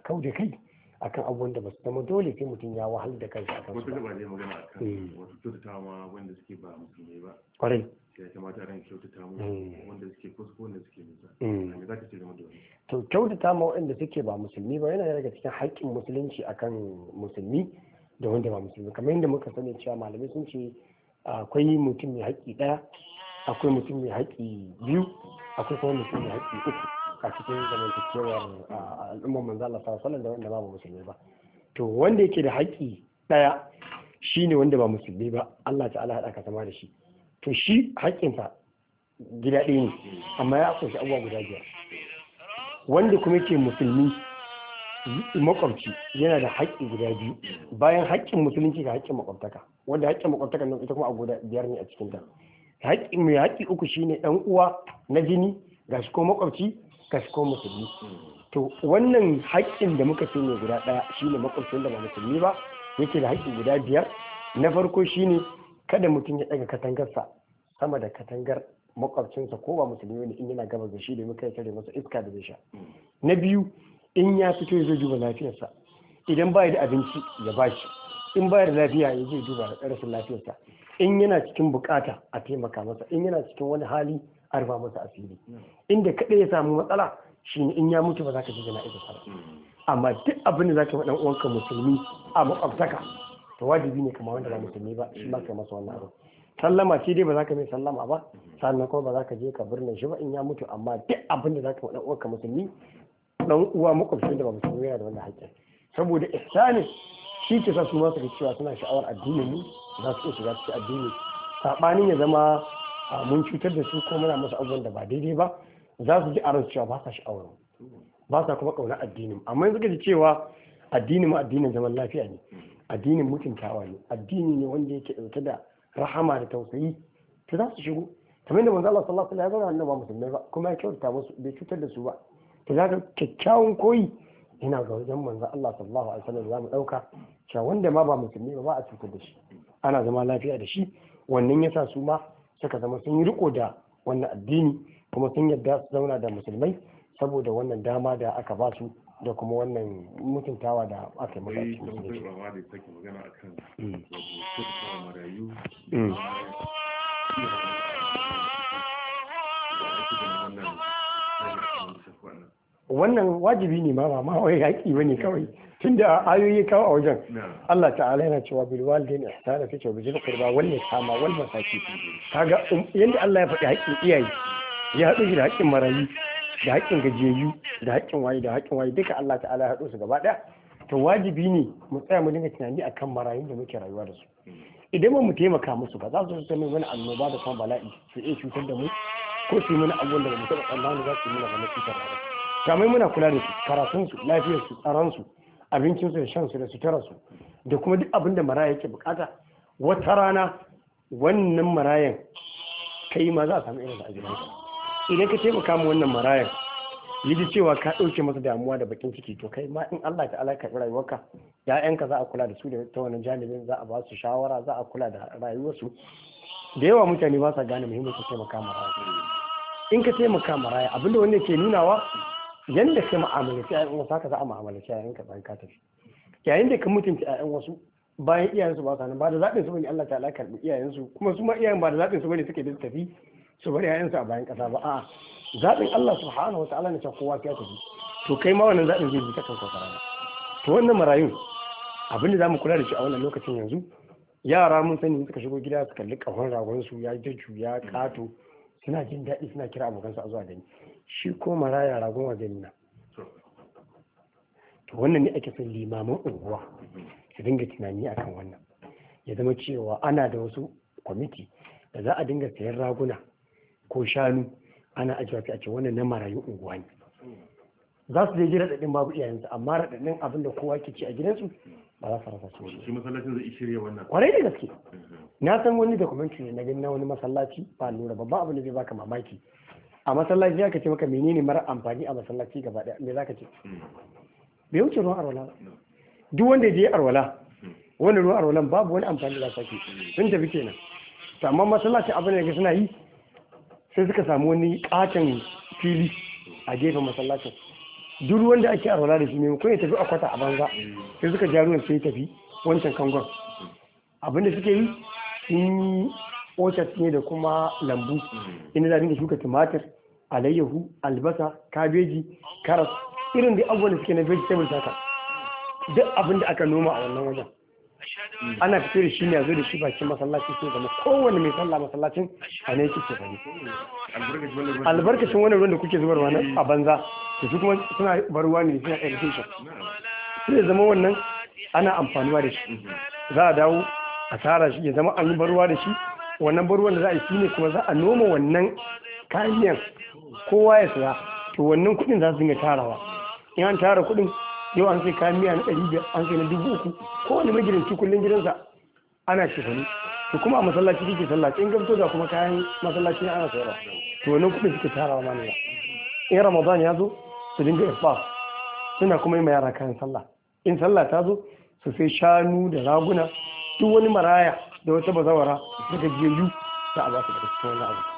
kau da kai akan abubuwan da ba su zama dole sai mutum ya wahal da kansa akan eh. su ba. ba ba. ya kamata suke wanda suke mm. za ka da wannan to kyautata ma waɗanda suke ba musulmi ba yana daga cikin haƙƙin musulunci akan musulmi da wanda ba musulmi kamar yadda muka sani cewa malamai sun ce akwai mutum mai haƙƙi ɗaya akwai mutum mai haƙƙi biyu akwai kuma mutum mai haƙƙi uku a cikin zamantakewar al'ummar manzala Allah sallallahu da wanda ba musulmi ba to wanda yake da haƙƙi ɗaya shine wanda ba musulmi ba Allah ta'ala haɗa ka zama da shi to shi haƙƙinsa gida ɗaya ne amma ya kunshi abubuwa guda biyar wanda kuma ke musulmi makwabci yana da haƙƙi guda biyu bayan haƙƙin musulunci ga haƙƙin makwabtaka wanda haƙƙin makwabtaka nan ita kuma a guda biyar ne a cikin ta haƙƙi mai haƙƙi uku shine ɗan uwa na jini ga shi ko makwabci ga shi ko musulmi to wannan haƙƙin da muka ce ne guda ɗaya shine makwabcin da ba musulmi ba yake da haƙƙi guda biyar na farko shine kada mutum ya ɗaga katangarsa sama da katangar makwabcinsa ko ba musulmi ne in yana gaba da shi domin kai yi masa iska da zai sha na biyu in ya fito ya zo duba lafiyarsa idan ba da abinci ya ba shi in ba da lafiya ya zai duba rashin lafiyarsa in yana cikin bukata a taimaka masa in yana cikin wani hali a rufa masa asiri inda kaɗai ya samu matsala shi ne in ya mutu ba za ka ji jana'iza sara amma duk abin da za ka faɗa uwanka musulmi a makwabtaka to wajibi ne kamar wanda ba musulmi ba shi ba kai masa wannan abu sallama shi dai ba za ka mai sallama ba mhm. sannan kuma ba za ka je ka birnin shi ba in ya mutu amma duk abin da za ka ɗan uwarka ka musulmi ɗan uwa makwabci da ba musulmi yana da wanda haƙƙi saboda ihsani shi ke sa su ma suka cewa suna sha'awar addinin mu za su shiga su addini sabanin ya zama mun cutar da su ko muna masa abubuwan da ba daidai ba za su ji a ransu cewa ba sa sha'awar mhm. ba sa kuma kauna addinin amma yanzu ka ji cewa addinin ma addinin zaman lafiya ne mhm. addinin mutuntawa ne addini ne wanda yake ɗauke da rahama da tausayi to za su shigo kamar da manzo Allah sallallahu alaihi wasallam annabawa musulmai ba kuma ya kyautata musu bai cutar da su ba to za ka kyakkyawan koyi yana ga wajen manzo Allah sallallahu alaihi wasallam za mu dauka cewa wanda ma ba musulmi ba ba a cutar da shi ana zama lafiya da shi wannan yasa su ma suka zama sun yi riko da wannan addini kuma sun yarda su zauna da musulmai saboda wannan dama da aka ba su da kuma wannan mutuntawa da aka maka a kan mm. marayu. Mm. Wannan wajibi ne ma ba ma wai haƙi ne kawai tunda ayoyi kawo a wajen Allah ta'ala yana cewa bil walidain ihsana fi tawbi zil qurba wal yatama wal masakin kaga um, yanda Allah ya faɗi haƙin iyaye ya haɗu da haƙin marayu da haƙƙin gajiyayyu da haƙƙin waye da haƙƙin waye duka Allah ta'ala ya haɗo su gaba ɗaya to wajibi ne mu tsaya mu dinga tunani akan marayun da muke rayuwa da su idan mu taimaka musu ba za su sai wani annoba da kuma bala'i su iya cutar da mu ko su yi mana abubuwan da ba mu taɓa tsammani za su yi mana wani cutar da kamar muna kula da su karatun su lafiyar su tsaron su abincin su da shan su da sutura su da kuma duk abin da maraya yake bukata wata rana wannan marayan kai ma za a samu irin su a gidansa idan ka taimaka mu wannan marayan yi ji cewa ka ɗauke masa damuwa da bakin ciki to kai ma in Allah ta alaka rayuwarka ya'yanka za a kula da su da ta wani janibin za a ba su shawara za a kula da rayuwarsu da yawa mutane ba sa gane muhimmancin taimaka maraya in ka taimaka maraya abinda wanda ke nunawa yanda ka ma'amalaci ya'yan wasu haka za a ma'amalaci a ka, bayan ka tafi yayin da ka mutunta ya'yan wasu bayan iyayensu ba sa nan ba da zaɓin su bane Allah ta alaka iyayensu kuma su ma iyayen ba da zaɓin su bane suke da tafi su bar yayansu a bayan kasa ba a zaɓin Allah subhanahu wa ta'ala ne ta kowa ya tafi to kai ma wannan zaɓin zai bi ta kanka rana to wannan marayun abin da zamu kula da shi a wannan lokacin yanzu yara mun sani suka shigo gida su kalli kahon ragon su ya jaju ya kato suna jin daɗi suna kira abokan su a zuwa gani shi ko maraya ragon wa gani na to wannan ne ake son limaman unguwa su dinga tunani akan wannan ya zama cewa ana da wasu kwamiti da za a dinga sayan raguna ko shanu ana ajiye ta a ce wannan na marayun unguwa ne za su je daɗin raɗaɗin babu iyayensu amma raɗaɗin abin da kowa ke ci a gidansu ba za su rasa su shi masallacin zai shirya wannan kwarai da gaske mhm. na san wani documentary ne na gani na wani masallaci ba lura babban abin da zai baka mamaki a masallaci ya ce maka menene mara amfani a masallaci gaba daya me zaka ce mhm. bai wuce ruwan arwala ba duk wanda je arwala mhm. wani ruwan arwalan babu wani amfani da sake sun tafi kenan to amma masallaci abin da suna yi sai suka samu wani katon fili a gefen masallacin duk wanda ake arwala da shi maimakon ya tafi a kwata a banza sai suka ja ruwan sai tafi wancan kangon abinda suke yi sun orchard ne da kuma lambu inda za dinga shuka tumatir alayyahu albasa kabeji karas irin da abubuwan da suke na vegetable haka duk abin da aka noma a wannan wajen Mm. ana fitar da shi ne a zo da shi bakin masallaci sai zama kowane mai sallah masallacin a ne yake tsari albarkacin wani ruwan da kuke zubar wani eh. a banza da su kuma suna barwa ne suna irrigation sai zama wannan ana amfanuwa da shi mm-hmm. za a dawo a tara shi ya zama an yi barwa da shi wannan barwan da za a yi shine kuma za a noma wannan kayan kowa ya saya to wannan kudin za su dinga tarawa in an tara kudin yau an sai kayan miya na ɗari biyar an sai na dubu uku wani magidanci kullum gidansa ana shekaru to kuma a masallaci kike sallah in gamto da kuma kayan masallaci ne ana sayarwa to wannan kuɗin suke tarawa ma ne in ramadan ya zo su dinga ifa suna kuma yi ma yara kayan sallah in sallah ta zo su sai shanu da raguna duk wani maraya da wata bazawara daga jeju za a ba su daga wani abu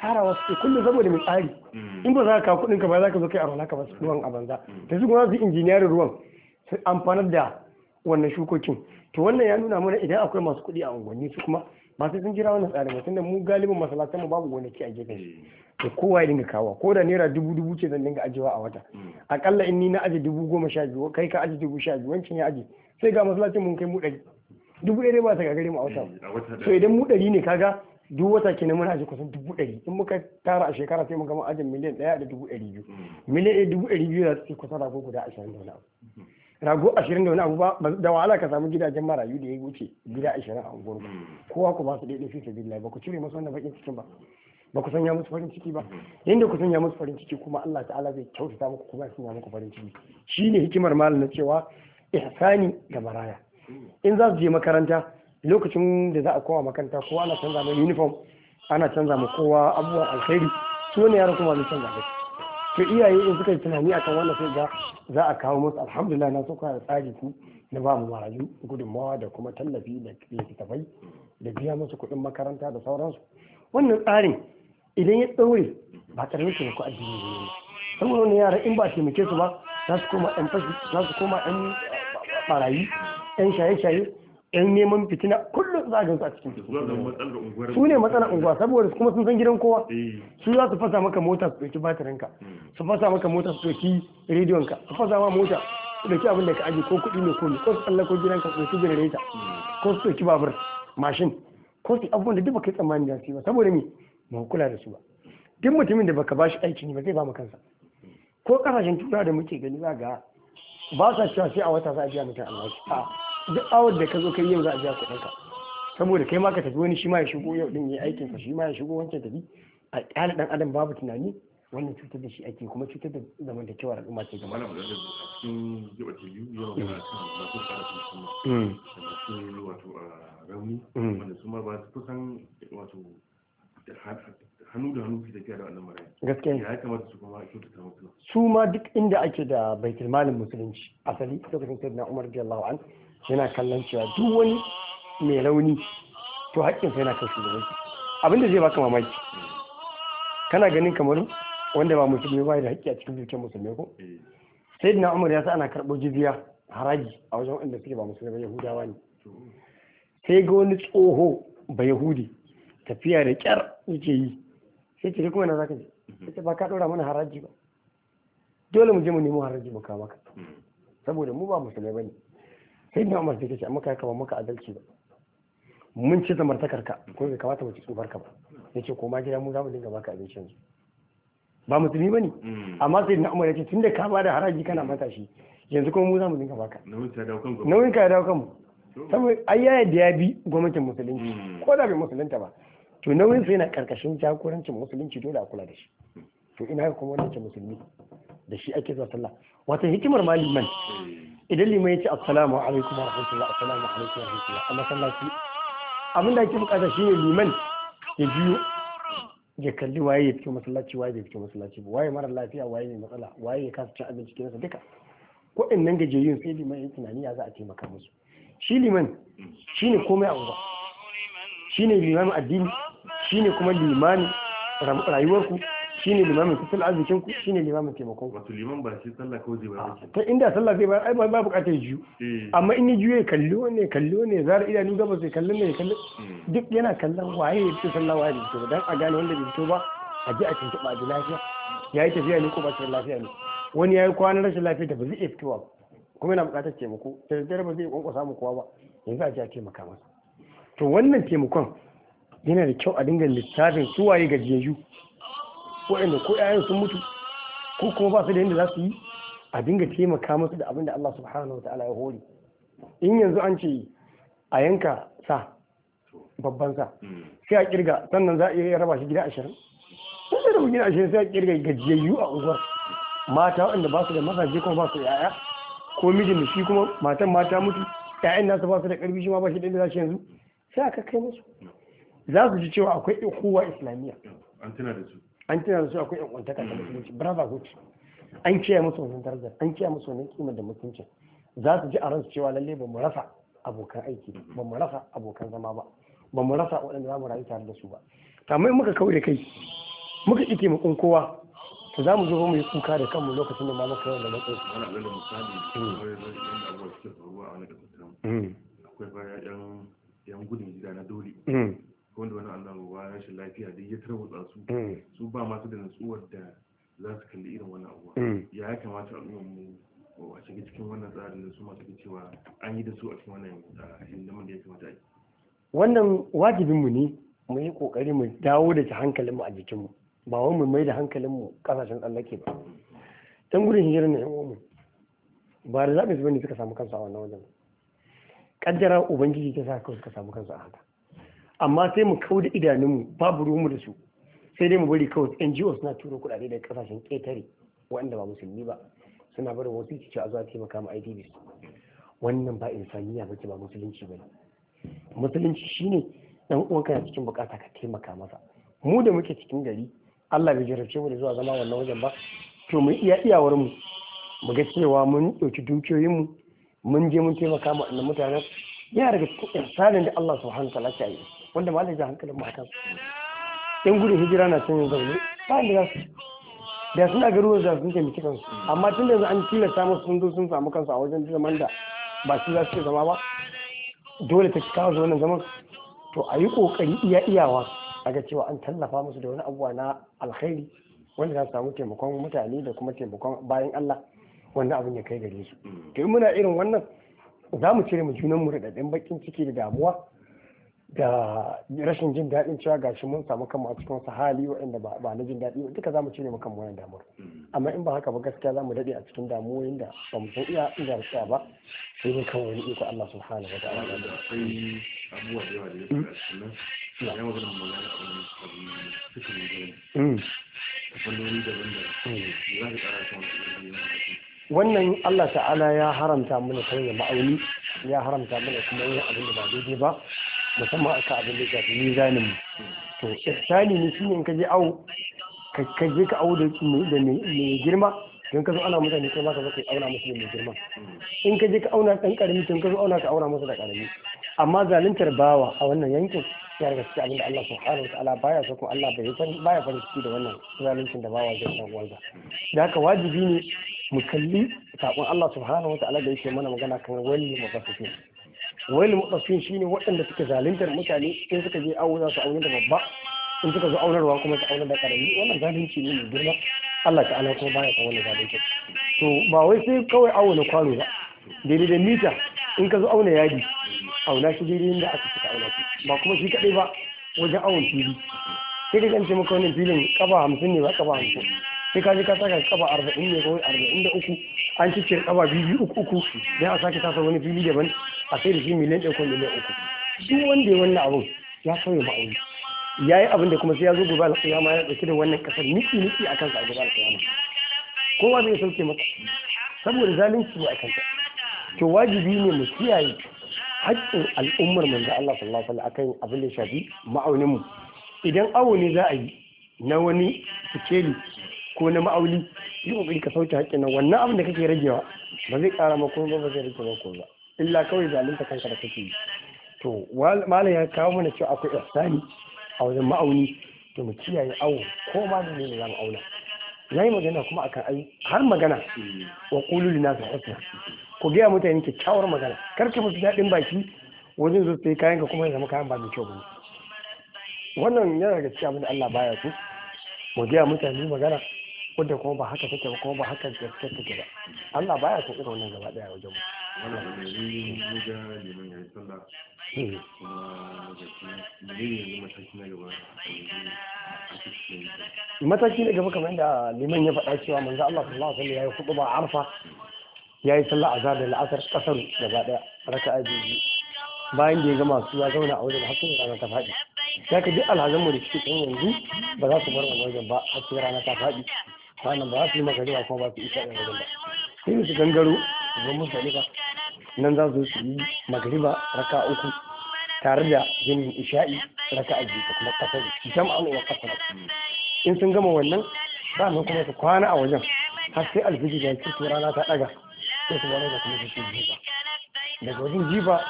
tara wasu ke kullum saboda mai tsari mm. in ba za ka kawo ka ba za ka zo kai arwana ka su ruwan a banza mm. da su kuma su injiniyar ruwan su amfanar da wannan shukokin to wannan ya nuna mana idan akwai masu kuɗi a unguwanni su kuma ba sai sun jira wannan tsarin ba tunda mu galibin masallatan mu babu gonaki a gefe shi mm. to kowa ya dinga kawo ko da naira dubu dubu ce zan dinga ajiyewa a wata akalla in ni na aje dubu goma sha biyu kai ka aje dubu sha biyu wancan ya aje sai ga masallacin mun kai mu ɗari dubu ɗaya ba ta gagare mu a wata so idan mu ɗari ne kaga duk wata kenan muna aji kusan dubu ɗari in muka tara a shekara sai mu gama ajin miliyan ɗaya da dubu ɗari biyu mm. miliyan ɗaya dubu ɗari biyu za su kusan rago guda ashirin da wani abu mm. rago ashirin da wani abu ba da wahala ka samu gidajen marayu da ya wuce gida ashirin a unguwar mm. kowa ku ba su ɗaiɗai fi sabilillahi ba ku cire masu wannan baƙin cikin ba ba ku sanya musu farin ciki ba yadda ku sanya musu farin ciki kuma Allah ta'ala zai kyautata muku kuma ya sanya muku farin ciki shine hikimar malam na cewa ihsani ga maraya in za su je makaranta lokacin da za a koma makanta kowa ana canza mai uniform ana canza mu kowa abubuwan alkhairi su ne yaran kuma canza mai to iyaye in suka yi tunani akan wannan sai ga za a kawo musu alhamdulillah na suka da tsari ku na ba mu marayu gudunmawa da kuma tallafi da littattafai da biya musu kuɗin makaranta da sauransu wannan tsarin idan ya tsaure ba ƙarfin su ku addini ne saboda wani yara in ba taimake su ba za su koma 'yan fashi za su koma ɗan ɓarayi ɗan shaye-shaye yan neman fitina kullum za a gansu a cikin su ne matsalar unguwa saboda kuma sun san gidan kowa eh. su za su fasa maka mota su ɗauki batirinka hmm. su fasa maka mota su ɗauki rediyonka su fasa ma mota su ɗauki abin da ka aji ko kuɗi ne ko ko su tsallako gidanka su ɗauki janareta ko su ɗauki babur mashin ko su abubuwan da duk baka yi tsammani da su ba saboda me ba kula da su ba duk mutumin da baka bashi aiki ne ba zai ba mu kansa ko kasashen tura da muke gani za ga ba sa cewa sai a wata za a biya mutum albashi duk awar da ka zo kai yau za a biya kuɗin ka saboda kai ma ka tafi wani shi ma ya shigo yau din ya aikin ka shi ma ya shigo wancan tafi a ƙyale dan adam babu tunani wannan cutar da shi ake kuma cutar da zaman da cewa al'umma ce gaba mm. hannu da hannu fi da wannan marayi gaskiya ya kamata su kuma a kyautata musu su ma duk inda ake da baitul malin musulunci asali lokacin sayyidina umar radiyallahu anhu yana kallon cewa duk wani mai rauni to haƙƙinsa yana kan shugabanci abinda zai baka mamaki kana ganin kamar wanda ba musulmi ba da haƙƙi a cikin dukiyar musulmi ko eh. sai na umar ya sa ana karɓo jibiya haraji a wajen wanda suke ba musulmi ba yahudawa ne sai ga wani tsoho ba yahudi tafiya da kyar yake yi sai ce kuma na zaka je mhm. sai ba ka ɗora mana haraji ba dole mu je mu nemo haraji mu kawo maka hmm. saboda mu ba musulmai ba ne sai na umar take ce amma kai kamar maka adalci ba mun ci zamartakar ka ko bai kamata mu ci tsufar ka ba yace ko ma gida mu za mu dinga baka abinci yanzu ba musulmi bane mm. amma sai na umar yace tunda ka bada da haraji kana mata shi yanzu kuma mu za mu dinga baka nauyin ka ya dawo kanmu saboda ai ya yadda ya bi gwamnatin musulunci mm. ko da bai musulunta ba to nauyin sai na karkashin jagorancin musulunci dole a kula da shi to ina kuma wannan musulmi da shi ake zuwa sallah wato hikimar maliman eh. idan liman ya ce assalamu alaikum wa rahmatullah assalamu alaikum wa rahmatullahi a masallaci abin da ake bukata shine liman ya biyo ya kalli waye ya fito masallaci waye bai fito masallaci ba waye mara lafiya waye mai matsala waye ya kasa cin abinci kinsa duka nan gajeriyun sai liman ya tunani ya za a taimaka musu shi liman shi ne komai a uba shi ne limamin addini shi ne kuma limani rayuwarku shine limamin ku sallah arzikin ku shine limamin taimakon ku wato liman ba shi sallah kawai zai bayar ta inda sallah zai bayar ai ba bukatar jiyu eh. amma in ya juyo ya kalli wanne kalli wanne zara idanu gaba sai kallon ne kalli hmm. duk yana kallon waye ya fito sallah waye da fito dan a gane wanda bai fito ba a ji a tuntuɓa da lafiya ya yi tafiya ne ko ba shi lafiya ne wani ya yi kwanan rashin lafiya da ba zai iya fitowa ba kuma yana buƙatar taimako da daddare ba zai iya kwankwasa mu kowa ba yanzu a ji a taimaka masa to wannan taimakon yana da kyau a dinga lissafin su waye gajiyayyu wa'anda ko 'ya'yan sun mutu ko kuma ba su da yadda za su yi a dinga taimaka musu da abin da Allah subhanahu wa ta'ala ya hori. in yanzu an ce a yanka sa babban sa sai a kirga sannan za a iya raba shi gida ashirin sun da gida ashirin sai a kirga gajiyayyu a unguwar mata waɗanda ba su da masaje kuma ba su da 'ya'ya ko mijin da shi kuma matan mata mutu 'ya'yan nasu ba su da ƙarfi shi ma ba shi da inda za shi yanzu sai aka kai musu za su ji cewa akwai ikuwa islamiyya an tana da su an tuna da su akwai yankwantaka da musulunci brotherhood an kiyaye musu wannan darajar an kiyaye musu wannan kima da mutuncin za su ji a ransu cewa lalle ba mu rasa abokan aiki ba mu rasa abokan zama ba ba mu rasa waɗanda za mu rayu tare da su ba kamar muka da kai muka ƙi taimakon kowa to za mu zo mu yi kuka da kanmu lokacin da ma muka yawan da matsayi ana ɗaya da misali akwai mm. mm. bayan yan gudun gida na dole mm. wanda wani allah annoba rashin lafiya da ya tarwatsa su mm. su ba masu da natsuwar da za su kalli irin wani abuwa ya mm. ya kamata al'umma mu a shiga cikin wannan tsarin da su masu da cewa an yi da su a cikin wannan hindimin da ya kamata a yi wannan wajibinmu ne mu yi kokari mu dawo da ta hankalinmu a jikinmu ba wai mu mai da hankalinmu kasashen allah ke ba can gudun hijirar na yan uwanmu ba da zaɓin su bane suka samu kansu a wannan wajen kaddara ubangiji ta sa kawai suka samu kansu a haka amma sai mu da idanunmu babu rumu da su sai dai mu bari kawai NGOs na turo kuɗaɗe daga kasashen ƙetare waɗanda ba musulmi ba suna barin wasu ci a zuwa taimaka ma IDBs wannan ba insaniya ce ba musulunci ba musulunci shine dan uwan kana cikin bukata ka taimaka masa mu da muke cikin gari Allah bai jarabce mu da zuwa zama wannan wajen ba to mu iya iyawar mu mu ga cewa mun ɗauki dukiyoyin mu mun je mun taimaka ma wannan mutanen yana daga cikin da Allah subhanahu wa ta'ala ya yi wanda malam ji hankalin mu yan gudun hijira na can zaune ba ni za su da suna garuwar da sun taimaki kansu amma tun da an tilasta musu sun zo sun samu kansu a wajen zaman da ba su za su zama ba dole ta kawo su wannan zaman to a yi kokari iya iyawa a ga cewa an tallafa musu da wani abuwa na alkhairi wanda za su samu taimakon mutane da kuma taimakon bayan Allah wannan abin ya kai gare su to muna irin wannan za mu cire mu junan mu da bakin ciki da damuwa Ga rashin jin daɗin cewa gashi mun samu kanmu a cikin wasu hali waɗanda ba na jin daɗi ba duka za mu cire maka wannan damar mm. amma in ba haka ba gaskiya za mu daɗe a cikin damuwoyin da ba mu san iya inda da tsaya ba sai mun kawo wani iko Allah subhanahu wa ta'ala da abubuwa da yawa da ya ya magana mu magana a wani suka ne da fannoni mm. daban-daban mm. za ka ƙara wannan Allah ta'ala ya haramta mana sanya ma'auni ya haramta mana kuma yin abin da ba daidai ba musamman aka abin da shafi zanen mu to shani ne shi in ka je awo ka je ka awo da mai girma don ka zo ana mutane kai ma ka zo ka auna musu da mai girma in ka je ka auna dan ƙarami don ka zo auna ka auna musu da ƙarami. amma zaluntar bawa a wannan yankin ya daga cikin abin da Allah subhanahu wataala baya so ko Allah bai baya farin ciki da wannan zaluncin da bawa zai san wanda. da haka wajibi ne mu kalli sakon Allah subhanahu wataala da yake mana magana kan wani mafasikin wayil shi shine waɗanda suke zaluntar mutane in suka je auna su auna da babba in suka zo aunarwa kuma su auna da karami wannan zalunci ne mai girma Allah ta'ala kuma baya san wani zalunci to ba wai sai kawai auna kwano ba daidai da mita in ka zo auna yadi auna shi daidai inda aka cika auna shi ba kuma shi kaɗai ba wajen awon fili sai ka gance maka wannan filin kafa hamsin ne ba kafa hamsin sai ka ji ka saka kaba arba'in ne kawai arba'in da uku an cikin kaba biyu uku uku dan a sake tasa wani fili daban a sai da shi miliyan ɗaya ko miliyan uku shi wanda ya wannan abun ya sauya ma'auni ya yi abin da kuma sai ya zo gobe alƙiyama ya ɗauki da wannan ƙasar niki niki a kansa a gobe alƙiyama kowa zai sauke maka saboda zalunci ne a kansa to wajibi ne mu kiyaye haƙƙin al'ummar da Allah sallallahu alaihi wasallam akan abin da shafi ma'aunin mu idan awo ne za a yi na wani sikeli ko na ma'auli yi kokari ka sauke haƙƙi nan wannan abin da kake ragewa ba zai ƙara ma ba ba zai rage ma ba illa kawai zalunta kanka da kake yi to malam ya kawo mana cewa akwai ihsani a wajen ma'auni to mu kiyaye awo ko ma da ne zamu auna na magana kuma akan ai har magana wa qulul linas husna Ko ga mutane ke kyakkyawar magana kar ka musu daɗin baki wajen zo sai kayan ka kuma ya zama kayan ba mai kyau ba wannan yana daga cikin abin da Allah baya so mu ga mutane magana wadda kuma ba haka take ba kuma ba haka gaske take ba Allah baya so irin wannan gaba daya wajen mu wannan ne ga liman ya yi sallah hmm. mataki na gaba kamar da liman ya faɗa cewa manzo Allah sallallahu alaihi wasallam ya yi khutba arfa ya yi sallah azhar da la'asar kasar gaba daya raka'a biyu bayan da ya gama su ya zauna a wajen hakkin rana ta faɗi ya ka ji alhazan mu da suke kan yanzu ba za su bar wajen ba har rana ta faɗi nan ba su yi maka zuwa kuma ba su isa ɗan ba sai su gangaro zuwa ba, nan za su yi magariba raka uku tare da yin isha'i raka a jika kuma kasar jam'an wa kasar in sun gama wannan ba nan kuma su kwana a wajen har sai alfiji da tura rana ta ɗaga sai su wani da kuma su ce jiba daga wajen jiba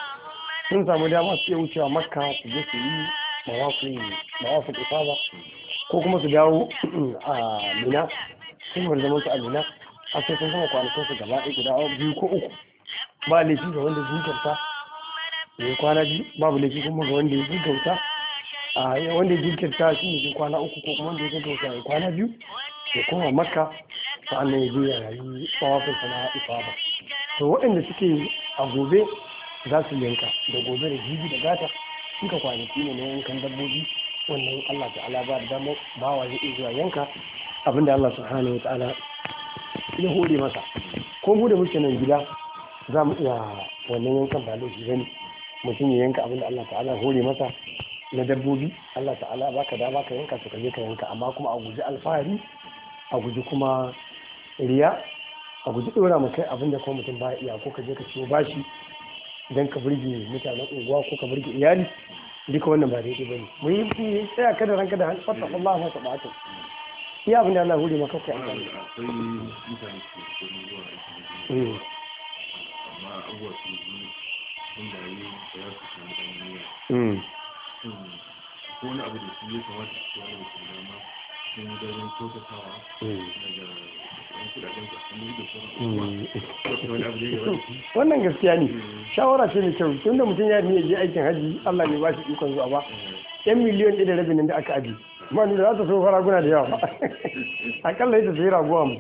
sun samu dama su iya wucewa makka su je su yi mawafin mawafin ko kuma su dawo a mina sun wanda su alina a sai sun sama kwanakin su gaba ɗaya guda biyu ko uku ba laifi ga wanda zukarta ya yi kwana biyu babu laifi kuma ga wanda ya kyauta a wanda ya kyauta shi ne kwana uku ko kuma wanda ya zukarta ya kwana biyu ya koma makka sa'annan ya je ya rayu tsawafin sana ba to waɗanda suke a gobe za su yanka da gobe da jibi da gata suka kwanaki ne na yankan dabbobi wannan Allah ta'ala ba da damar bawa zai iya zuwa yanka abinda Allah subhanahu wa ta'ala ya hore masa ko mu da muke nan gida za mu iya wannan yankan ba laifi bane mutum ya yanka abinda Allah ta'ala hore masa na dabbobi Allah ta'ala baka da ka yanka su kaje ka yanka amma kuma a guji alfahari a guji kuma riya a guji ɗora mu kai abinda kuma mutum ba iya ko ka je ka ciwo bashi don ka burge mutanen unguwa ko ka burge iyali duka wannan ba daidai bane mu yi fi sai a kada ranka da hannu fata Allah ya taɓa ta iya abin da Allah hure maka kai an gani hmm. hmm. hmm. abu da su ya kamata su wani da su dama sun yi dajen kyautatawa daga wannan gaskiya ne shawara ce mai kyau da mutum ya niyya je aikin haji Allah ne ba shi ikon zuwa ba yan miliyon ɗaya da rabin da aka aji. ma da za ta so faraguna da yawa ba akalla ita sai raguwa mu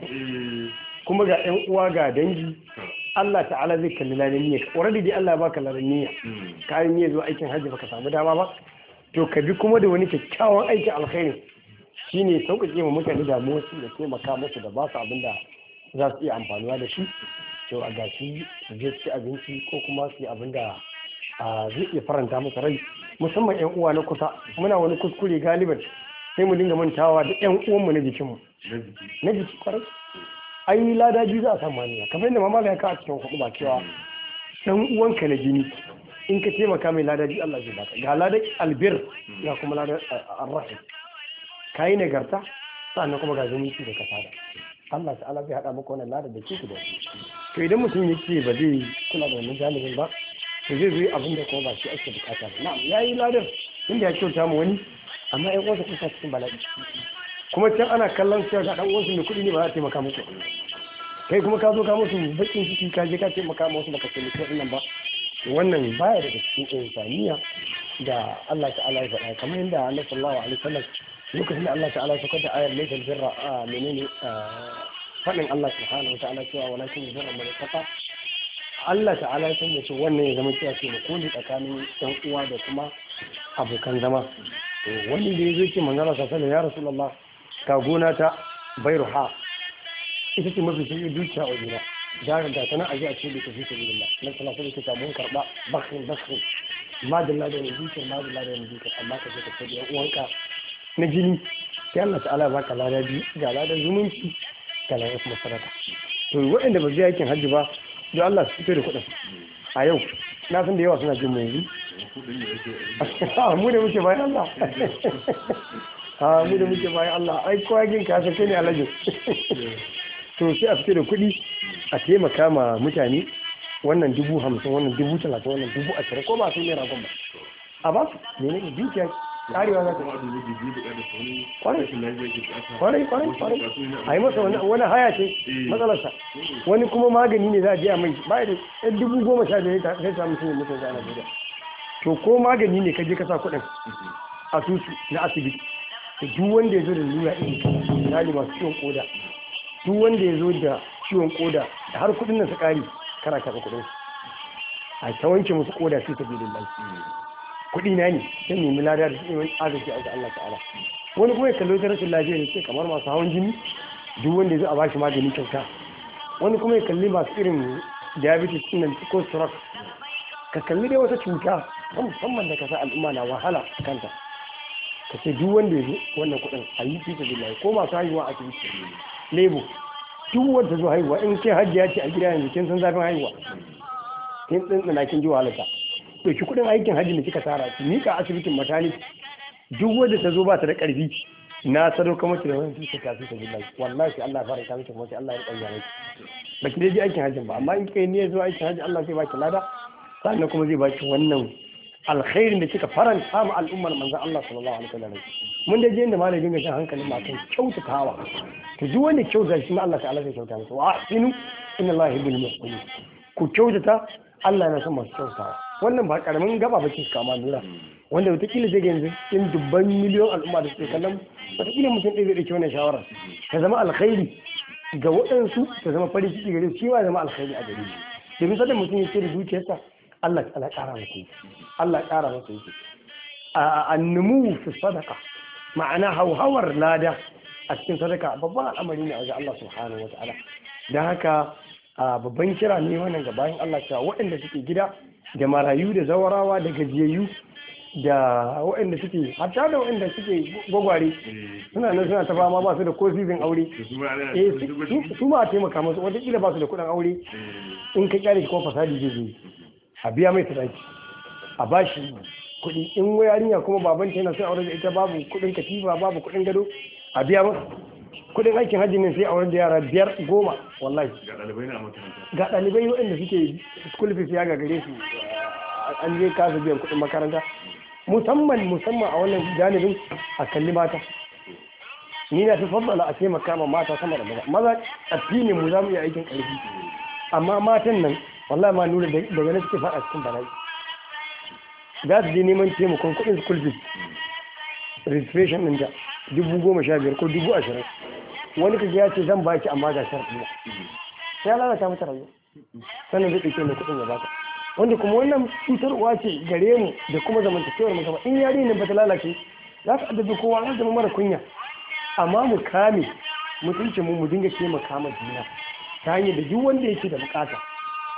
kuma ga yan uwa ga dangi Allah ta'ala zai kalli ladan niyya already dai Allah ya baka ladan niyya kayan niyya zuwa aikin haji baka samu dama ba to ka bi kuma da wani kyakkyawan aikin alkhairi Shi shine sauƙaƙe ma mutane motsi da taimaka musu da ba su abin da za su iya amfanuwa da shi to a gashi su je su ci abinci ko kuma su yi abin da zai iya faranta musu rai musamman yan uwa na kusa muna wani kuskure galiban sai mu dinga mantawa da yan uwanmu na jikinmu na jiki kwarai ai lada biyu za a samu hanya kamar yadda mamala ya kawo a cikin hudu ba cewa dan uwanka na jini in ka taimaka mai lada biyu Allah zai baka ga ladar albir ga kuma ladar arrahim ka yi nagarta sannan kuma ga zumunci da kasada Allah ta'ala zai haɗa muku wannan ladar da kike da to idan mutum yake ba zai kula da wannan jami'in ba to zai zo abin da kuma ba shi ake bukata ba na'am yayi ladar inda ya kyauta mu wani amma ai uwansa kusa cikin bala'i kuma can ana kallon cewa ga ɗan uwansu ne kuɗi ne ba za a taimaka muku kai kuma ka zo ka musu bakin ciki ka je ka taimaka musu baka taimaka wannan ba wannan baya daga cikin insaniya da Allah ta'ala ya faɗa kamar yadda Annabi sallallahu alaihi wasallam lokacin da Allah ta'ala ya saukar da ayar laifin birra a menene faɗin Allah subhanahu ta'ala cewa wala kin birra mai kafa Allah ta'ala ya sanya ce wannan ya zama cewa ce makoli tsakanin ɗan uwa da kuma abokan zama wani da ya zo ke manzara sa sallan ya rasulullah ka gona ta ha ita ce mafi shi dukiya a gina jarin da tana aje a ce da tafi sabilillah nan sallallahu alaihi mun karba bakhin bakhin ma da ladan dukiyar ma da ladan dukiyar amma ka je ka ce da uwanka na jini sai Allah ta'ala ba ka lada biyu ga lada zumunci ga ladan kuma sadaka to waɗanda ba zai aikin hajji ba don Allah su fito da kuɗin a yau na san da yawa suna jin mu yanzu mu da muke bayan Allah a ah, mu da muke bayan Allah ai kowa gin ka san kai ne alhaji to sai a fito da kuɗi a taimaka ma mutane wannan dubu hamsin wannan dubu talatin wannan dubu ashirin ko ba su naira goma a ba su ne ne dukiya karewa za ta kwarai kwarai kwarai a yi masa wani haya ce eh. matsalarsa wani kuma magani ne za a biya mai ba da yan dubu goma sha biyar ta sai samu sun mutum zana gida to ko magani ne ka je ka sa kuɗin mm-hmm. na asibiti da duk wanda ya zo da lura ɗin misali masu ciwon koda duk wanda ya zo da ciwon koda da har kuɗin nan su ƙari kana karɓa kuɗin a ta wanke musu koda sai ta bi lillahi mm. kuɗi na ne zan nemi lada da shi wani agaji a ga Allah ta'ala wani kuma ya kalli wajen rashin lafiya ne sai kamar masu hawan jini duk wanda zai a bashi magani kyauta wani kuma ya kalli masu irin diabetes din nan ko stroke ka kalli dai wata cuta ta musamman da ka sa al'umma na wahala a kanta ka ce duk wanda ya zo wannan kuɗin a yi fita billahi ko masu haihuwa a cikin lebo duk wanda zo haihuwa in kai hajji ya ce a gida yanzu kin san zafin haihuwa kin tsintsina kin ji wahalarta ɗauki kuɗin aikin hajji da kika tara ki mika asibitin matani duk wanda ta zo ba ta da ƙarfi na sadaukar mace da wani tuka tafi ta billahi wallahi Allah Allah fara kasu ta mace Allah ya ƙarya miki ba ki dai aikin hajji ba amma in kai ne zuwa aikin hajji Allah zai baki lada sannan kuma zai baki wannan alkhairin da kika faranta ma al'ummar manzon Allah sallallahu alaihi wasallam mun da je inda malai dinga shan hankalin ma kyautatawa to duk wanda kyauta shi ma Allah ta'ala zai kyauta masa wa inna Allah yuhibbul muhsinin ku kyautata Allah yana son masu kyautawa wannan ba karamin gaba ba ke kama nura wanda wataƙila zai yanzu in dubban miliyon al'umma da suke kallon wataƙila mutum ɗaya zai ɗauki wannan shawarar ta zama alkhairi ga waɗansu ta zama farin ciki gare su shi ma zama alkhairi a gare shi domin sadda mutum ya ce da dukiyarsa Allah ya ƙara masa yake Allah ƙara masa yake annumu fi sadaka ma'ana hauhawar lada a cikin sadaka babban al'amari ne a ga Allah subhanahu wa ta'ala don haka babban kira ne wannan ga bayan Allah cewa waɗanda suke gida da marayu da zawarawa da gajiyayyu da waɗanda suke hatta da waɗanda suke gwagware suna nan suna ta fama ba su da ko sizin aure su ma eh, taimaka musu wataƙila ba su da kuɗin aure in ka kyale kuma fasadi zai zai a biya mai sadaki a bashi kuɗi in wayarinya kuma babanta yana son aure da ita babu kuɗin katifa babu kuɗin gado a biya masa kudin aikin hajji ne sai a wani yara biyar goma wallahi ga ɗalibai na makaranta ga ɗalibai waɗanda suke school fees ya gagare su an je kasa biyan kuɗin makaranta musamman musamman a wannan janibin a kalli mata ni na fi fadala a taimaka ma mata sama da maza maza addinin mu za mu yi aikin ƙarfi amma matan nan wallahi ma nuna daga na suke fara cikin bala'i za su je neman taimakon kuɗin school fees registration ɗin dubu goma sha biyar ko dubu ashirin wani kaji ya ce zan baki amma ga sharaɗi ba sai lalata mata rayu sannan zai ɗauke mai kuɗin ya baka wanda kuma wannan cutarwa ce gare mu da kuma zamantakewar mu gaba in yari ne ba ta lalace za ka addabi kowa za zama mara kunya amma mu kame mutuncin mu mu dinga mu ma juna ta hanyar da duk wanda yake da bukata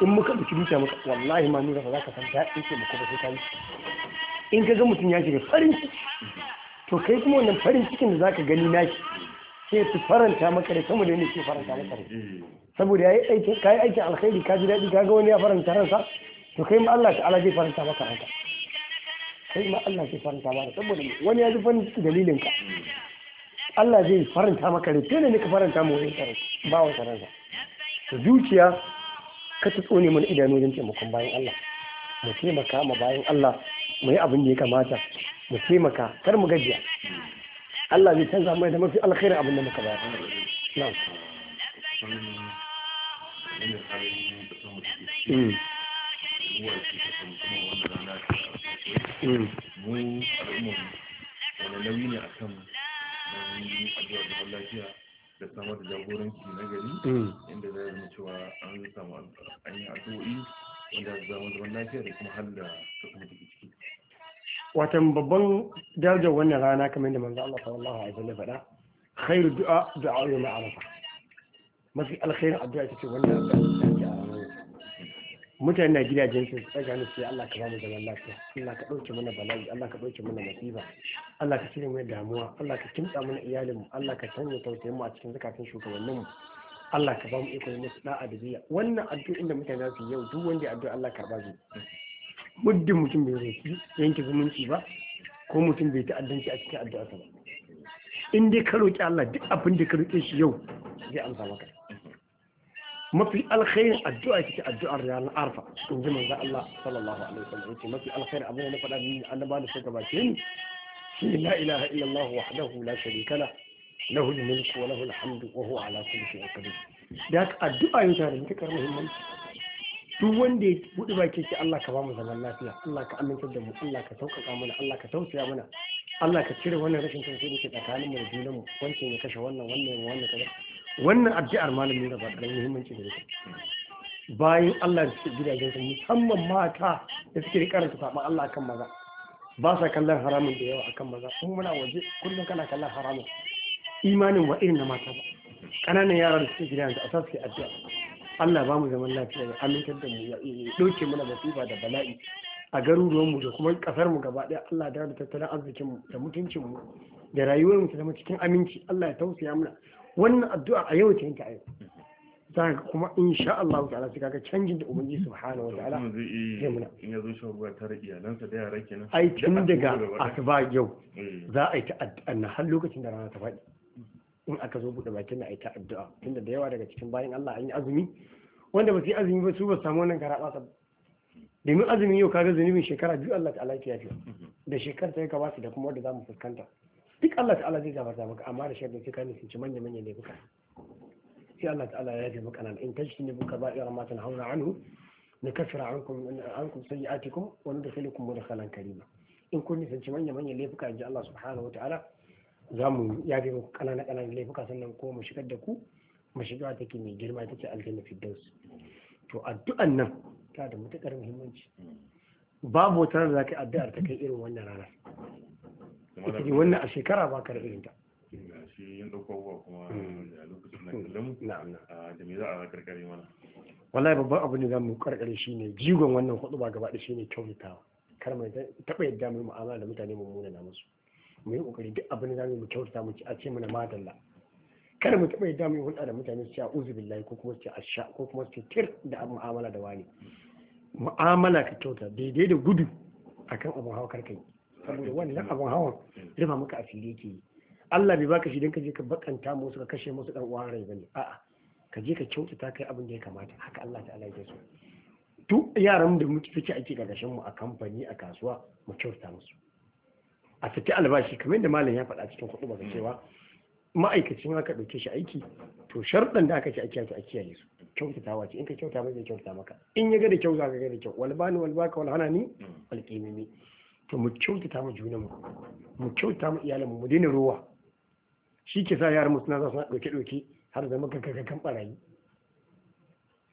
in muka ɗauki dukiya muka wallahi ma nuna ba za ka san daɗin ce muku ba sai ka yi in ka ga mutum ya shiga farin ciki to kai kuma wannan farin cikin da zaka gani nashi sai su faranta maka da sama da wanda ke faranta maka da saboda yayi aikin kai aikin alkhairi ka ji daɗi kaga wani ya faranta ransa to kai ma Allah ta'ala zai faranta maka ranka kai ma Allah zai faranta maka saboda wani ya ji farin ciki dalilin ka Allah zai faranta maka da tana ne ka faranta mu wani tsarin ba wa tsarin to zuciya ka ta tsone mana idanu don taimakon bayan Allah mu taimaka ma bayan Allah mu yi abin da ya kamata mu taimaka kar mu gajiya Allah zai canza mai da mafi alkhairin abin da muka ba na'am mu al'ummar wani nauyi ne a kan addu'a da lafiya da samar da jagoranci na gari inda za a cewa an samu an yi addu'o'i wanda zama zaman lafiya da kuma hal da ta kuma ciki watan babban darajar wannan rana kamar da manzo Allah sallallahu alaihi wasallam faɗa khairu du'a du'a yawm arafa mafi alkhairin addu'a ita ce wannan addu'a mutane na gidajen su tsaga ne sai Allah ka ba mu zaman lafiya Allah ka dauke mana bala'i Allah ka dauke mana masifa Allah ka cire mana damuwa Allah ka kimtsa mana iyalin mu Allah ka sanya tausayin mu a cikin zakatun shugabannin mu Allah ka ba mu iko musu da'a da biya wannan addu'a da mutane za su yau duk wanda addu'a Allah karba zai muddin mutum bai roki yanke zumunci ba ko mutum bai ta'addanci a cikin addu'a ba in dai ka roki Allah duk abin da ka roke shi yau zai amsa maka mafi alkhairin addu'a ita ce addu'ar ranar arfa in ji manzo Allah sallallahu alaihi wasallam yace mafi alkhairin abin da na faɗa min annaba da suka bace ni shi la ilaha illa illallah wahdahu la sharika la lahu al-mulku wa lahu al-hamdu wa huwa ala kulli shay'in qadir da addu'a yana da matukar muhimmanci duk wanda ya buɗe baki shi Allah ka ba mu zaman lafiya Allah ka aminta da mu Allah ka sauƙaƙa mana Allah ka tausaya mana Allah ka cire wannan rashin tausayi da ke tsakanin mu da junan mu wancan ya kashe wannan wannan wannan kaza wannan addu'ar malamin da ba ƙaramin muhimmanci da yake bayan Allah da suke gidajen su musamman mata da suke karanta saɓa Allah kan maza ba sa kallon haramun da yawa akan maza kuma muna waje kullum kana kallon haramun imanin wa irin na mata ba ƙananan yaran da suke gidajen su a sa suke addu'a Allah ba mu zaman lafiya ya amintar da mu ya ɗauke mana masifa da bala'i a garuruwanmu da kuma ƙasar mu gaba ɗaya Allah da da tattalin arzikin mu da mutuncin mu da rayuwar mu ta zama cikin aminci Allah ya tausaya mana wannan addu'a a yau ta yanke za ka kuma insha Allah ta'ala sai kaga canjin da ubangiji subhanahu wataala zai muna in yazo ruwa da yara kenan ai tun daga asuba yau eh. za a yi nan, har lokacin da rana ta faɗi in aka zo buɗe bakin da aita addu'a tunda da yawa daga cikin bayan Allah an yi azumi wanda ba su yi azumi ba su ba samu wannan garaba sa domin azumi yau kaga zunubin shekara biyu Allah ta'ala ya fi da shekara ta ba su da kuma wanda za mu fuskanta duk Allah ta'ala zai gafarta maka amma da shekara sai ka nufi ci manya manya ne buka sai Allah ta'ala ya fi maka nan in tashi ne buka ba'ir ma tan hauna anhu nakaffira ankum ankum sayyi'atikum wa nudkhilukum mudkhalan karima in kun ci manya ne laifuka in ji Allah subhanahu wa ta'ala za mu yafe muku ƙanana ƙananan laifuka sannan ko mu shigar da ku mu shiga take mai girma take aljanna firdaus to addu'an nan ta da matukar muhimmanci babu wata rana za ka addu'ar ta kai irin wannan ranar ita ce wannan a shekara ba ka da irin ta shi yin ɗaukowa kuma hmm. da lokacin na kullum da me za a karkare mana wallahi babban abu ne za mu karkare shi ne jigon wannan hudu ba gaba da shi ne kyautatawa kar mai taɓa yadda mu mu'amala da mutane mummuna na musu mu yi kokari duk abin da zamu mu kyautata mu ci a ce mana madalla kar mu taba yadda mu yi hulɗa da mutane su uzu a'udhu billahi ko kuma su ce asha ko kuma su ce tir da mu'amala da wani mu'amala ka kyauta daidai da gudu akan abun hawa karkai saboda wannan abin hawan rufa maka asiri yake yi Allah bai baka shi dan ka je ka bakanta musu ka kashe musu dan uwan rai bane a'a ka je ka kyautata kai abin da ya kamata haka Allah ta'ala ya so duk yaran da muke fice ake gagashin mu a kamfani a kasuwa mu kyautata musu a fiti albashi kamar yadda malam ya faɗa cikin kuɗi ga cewa ma'aikacin aka ɗauke shi aiki to sharɗan da aka ce ake yaki a kiyaye su kyautata wace in ka kyauta mai zai kyauta maka in ya ga da kyau za ka ga da kyau wal bani wal baka wal ni wal qimimi to mu kyautata mu junanmu mu kyautata mu iyalanmu mu daina rowa shi ke sa yaran suna za su na ɗauke ɗauke har zama gaggagan ɓarayi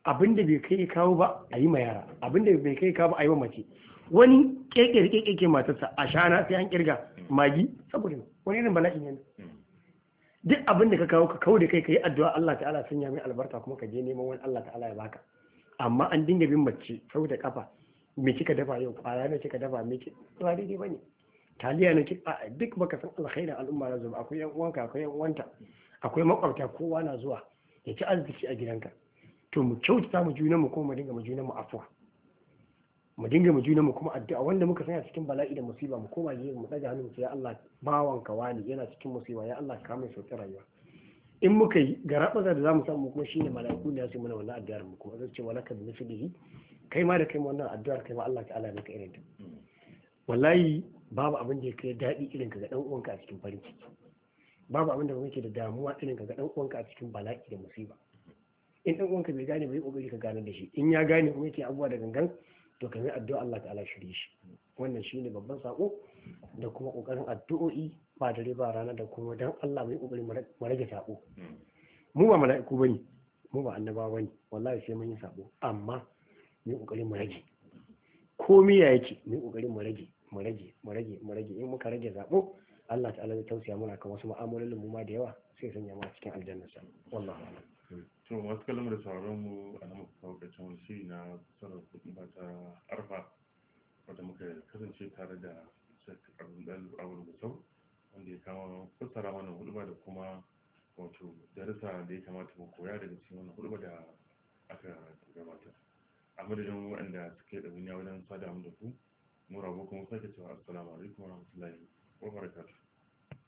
abin da bai kai kawo ba a yi ma yara abin da bai kai kawo ba a yi wa mace wani kekere kekere matarsa a shana sai an kirga magi saboda wani irin bala'i ne duk abin da ka kawo ka kawo da kai ka yi addu'a Allah ta'ala sun yami albarka kuma ka je neman wani Allah ta'ala ya baka amma an dinga bin mace sau da kafa me kika dafa yau kwaya na kika dafa me ki ba daidai bane taliya na kika duk baka san alkhairin al'umma na zuwa akwai yan uwanka akwai yan uwanta akwai makwabta kowa na zuwa ya ci arziki a gidanka to mu kyautata mu juna ko mu dinga mu mu afuwa mu dinga mu juna mu kuma addu'a wanda muka sanya cikin bala'i da musiba mu koma gefe mu daga hannu mu ce ya Allah bawan ka wani yana cikin musiba ya Allah ka mai sauki rayuwa in muka yi garabaza da zamu samu kuma shine mala'iku da su mana wannan addu'ar mu kuma zai ce walaka bi mislihi kai ma da kai wannan addu'ar kai ma Allah ta ya maka irin ta wallahi babu abin da ya daɗi irin ka ga dan uwanka a cikin farin ciki babu abin da muke da damuwa irin ka ga dan uwanka a cikin bala'i da musiba in dan uwanka bai gane bai kokari ka gane da shi in ya gane kuma yake abuwa da gangan to kan yi addu'a Allah ta'ala shirye shi wannan shine babban sako da kuma kokarin addu'o'i ba dare ba rana da kuma dan Allah mai kokari mu rage sako mu ba mala'iku bane mu ba annaba bane wallahi sai mun yi sako amma mu kokari mu rage Ko ya yake mu kokari mu rage mu rage mu rage mu rage in muka rage sako Allah ta'ala zai tausaya mana kan wasu mu'amalolin mu ma da yawa sai sanya mu a cikin sa wallahi so masu kalmar da sauraron mu a nan muka kawo ƙarshen wani shiri na sarar kuɗi ba ta arfa wadda muka kasance tare da sarki abdul awul gusau wanda ya kama fassara mana huduba da kuma wato darasa da ya kamata mu koya daga cikin wannan huduba da aka gabatar a madadin waɗanda suke da duniya wajen sada mu da ku mu rabu kuma sake cewa assalamu alaikum wa rahmatullahi